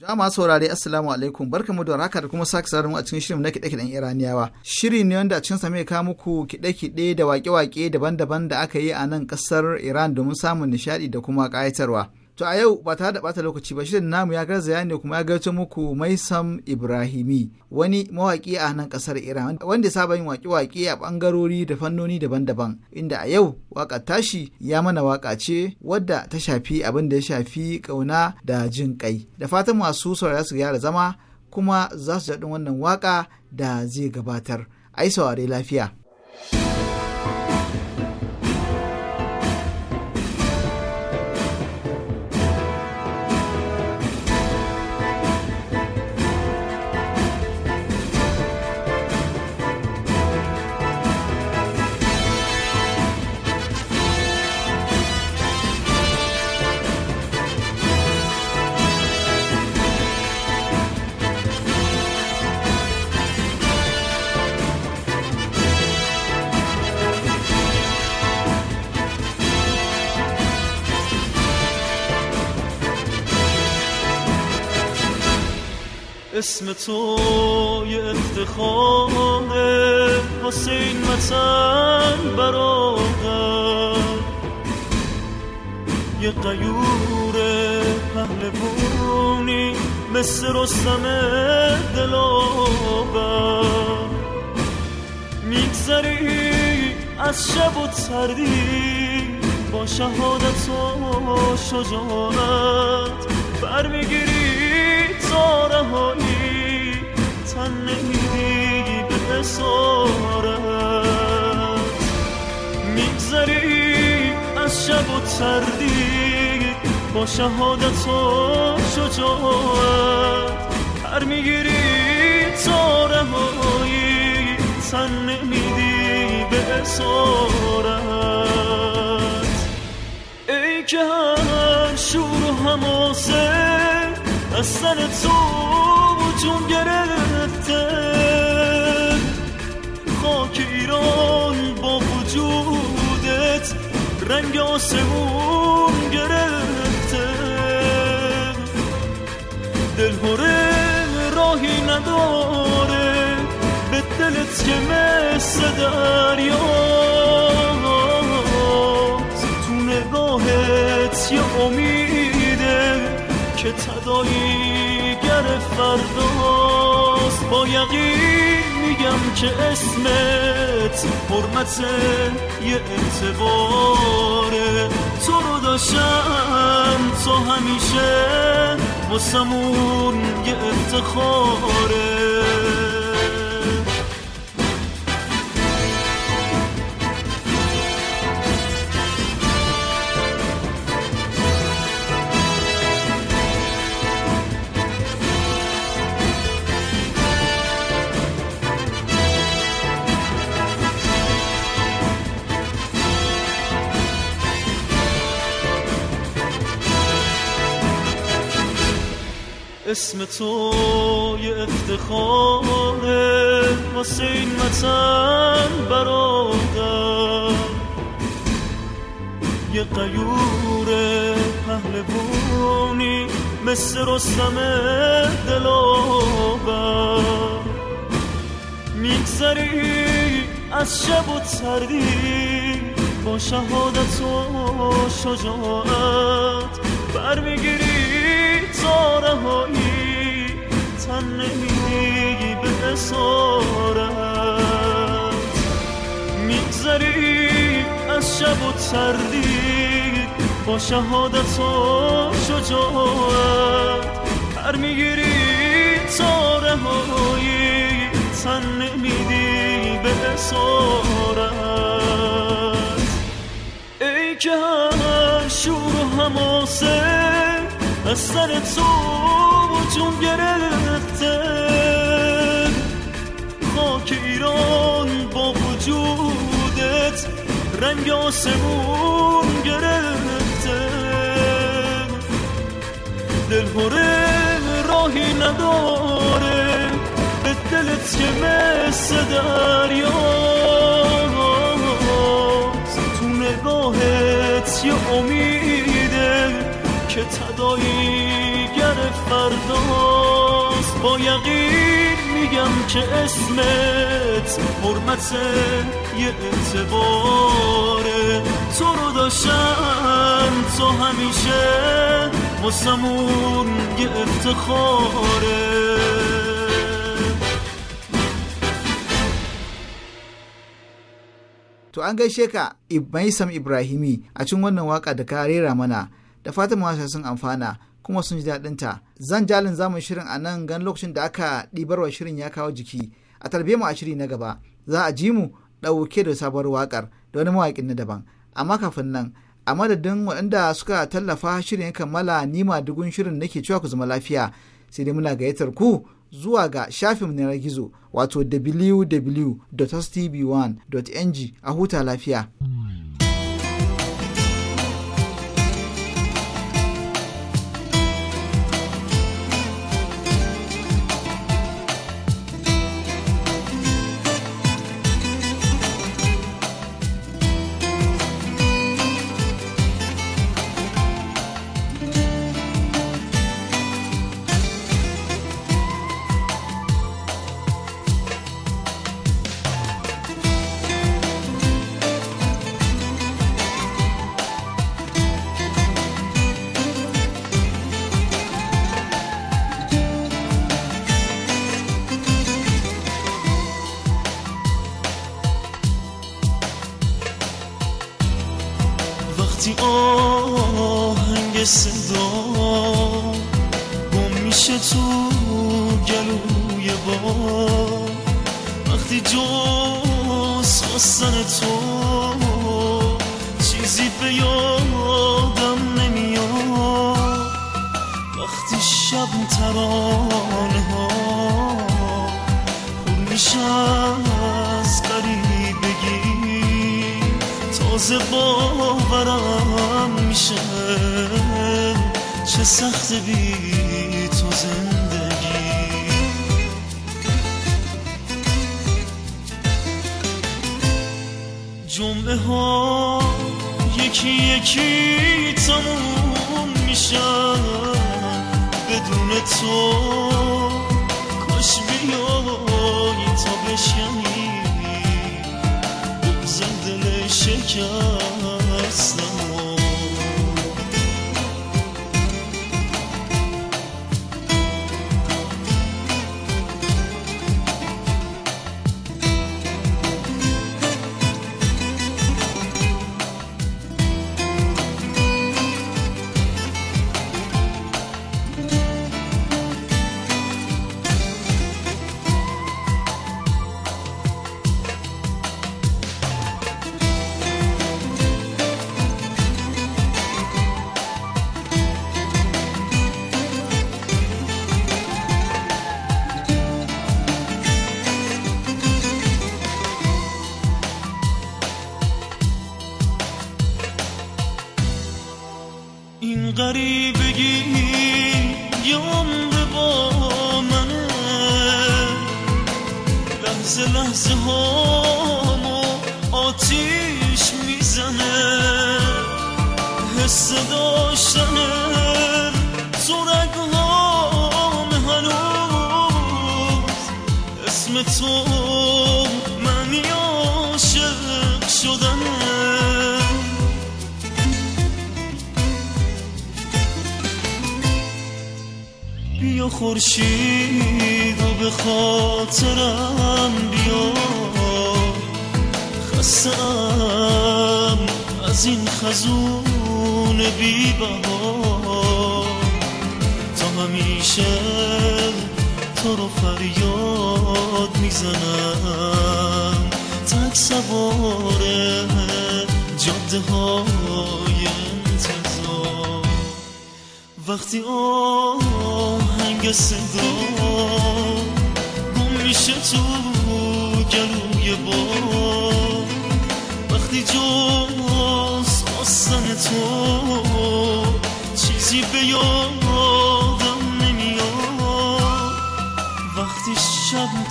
jama'a saurare assalamu alaikum mu da raka da kuma sake mu a cikin shirin na kiɗe-kiɗen iraniyawa shiri ne wanda a cikin sa ka muku kiɗe-kiɗe da waƙe wake daban-daban da aka yi a nan ƙasar iran domin samun nishaɗi da kuma ƙayatarwa To a yau ba ta da lokaci ba shirin namu ya garzaya ne kuma ya gaito muku Maisam Ibrahimi wani mawaƙi a nan ƙasar Iran wanda saba yin waƙe-waƙe a ɓangarori da fannoni daban-daban inda a yau waƙar tashi ya mana waƙa ce wadda ta shafi abin da ya shafi ƙauna da jin ƙai. Da fatan masu saurara su gyara zama kuma za su jaɗin wannan waƙa da zai gabatar. Ai saurare lafiya. اسم تو یه افتخاره واسه این مثل برادر یه قیور پهلوانی مثل رستم دلابم میگذری از شب و تردی با شهادت و شجاعت برمیگیری نارهایی تن نمیدی به اسارت میگذری از شب و تردید با شهادت و شجاعت میگیری تا تن نمیدی به اسارت ای که هم شور و هماسه از سر تو بوجون گرفته خاک ایران با وجودت رنگ آسمون گرفته دلهوره راهی نداره به دلت که مثل دریا تو نگاهت یه امیده که فردایی گر فرداست با یقین میگم که اسمت حرمت یه اعتباره تو رو داشتم همیشه واسمون یه افتخاره اسم تو یه افتخاره واسه این متن برادر یه قیور پهلوانی مثل رستم دلاور میگذری از شب و تردی با شهادت و شجاعت برمیگیری زاره هایی تن نمیدی به اسارت میگذری از شب و تردید با شهادت و شجاعت پر میگیری زاره هایی تن نمیدی به اسارت ای که هم شور و هماسه از سر تو جون گرفته خاک ایران با وجودت رنگ آسمون گرفته دل پره راهی نداره به دلت که مثل دریا تو نگاهت یه امید که تدایی گر فرداست با یقین میگم که اسمت حرمت یه اعتباره تو رو داشتن تو همیشه واسمون یه افتخاره To an gaishe ka Maisam Ibrahimi a cikin wannan waka da ka rera mana da fatan masu sun amfana kuma sun ji daɗin ta zan jalin zamun shirin a nan gan lokacin da aka ɗibarwa shirin ya kawo jiki a tarbe mu a shiri na gaba za a ji mu ɗauke da sabuwar waƙar da wani mawaƙin na daban amma kafin nan a madadin waɗanda suka tallafa shirin kammala nima dugun shirin nake cewa ku zama lafiya sai dai muna gayyatar ku zuwa ga shafin na gizo wato www.tv1.ng a huta lafiya. Mm. وقتی شب ترانه ها پر میشم از قریبگی تازه باورم میشه چه سخت بی تو زندگی جمعه ها یکی یکی تموم میشم بدون تو کش بیای تا بشنی بگذر دل شکستم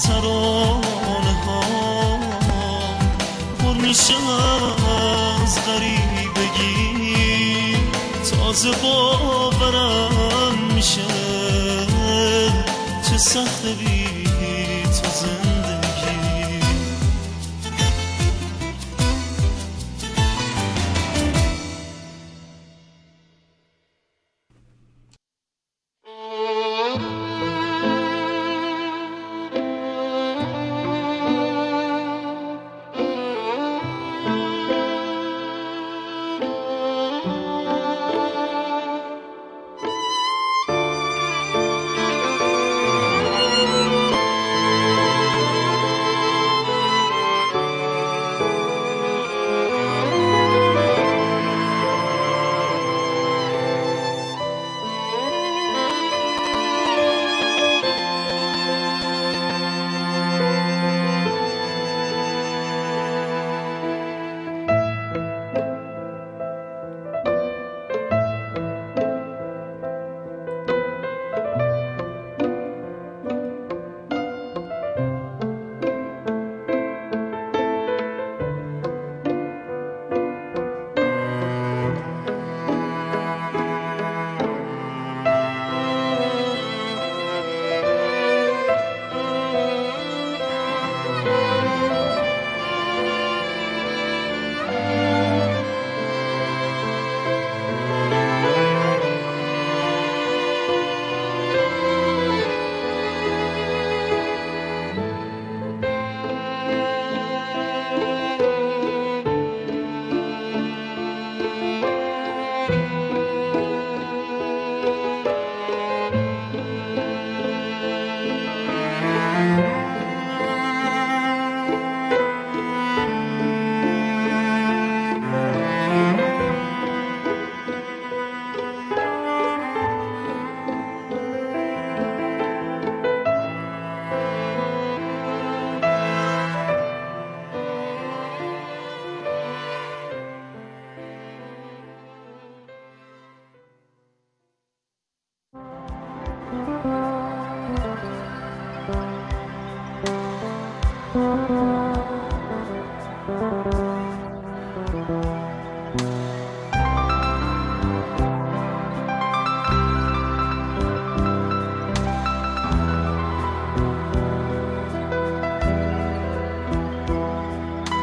ترانه ها پر میشه از غریبگی تازه باورم میشه چه سخت بی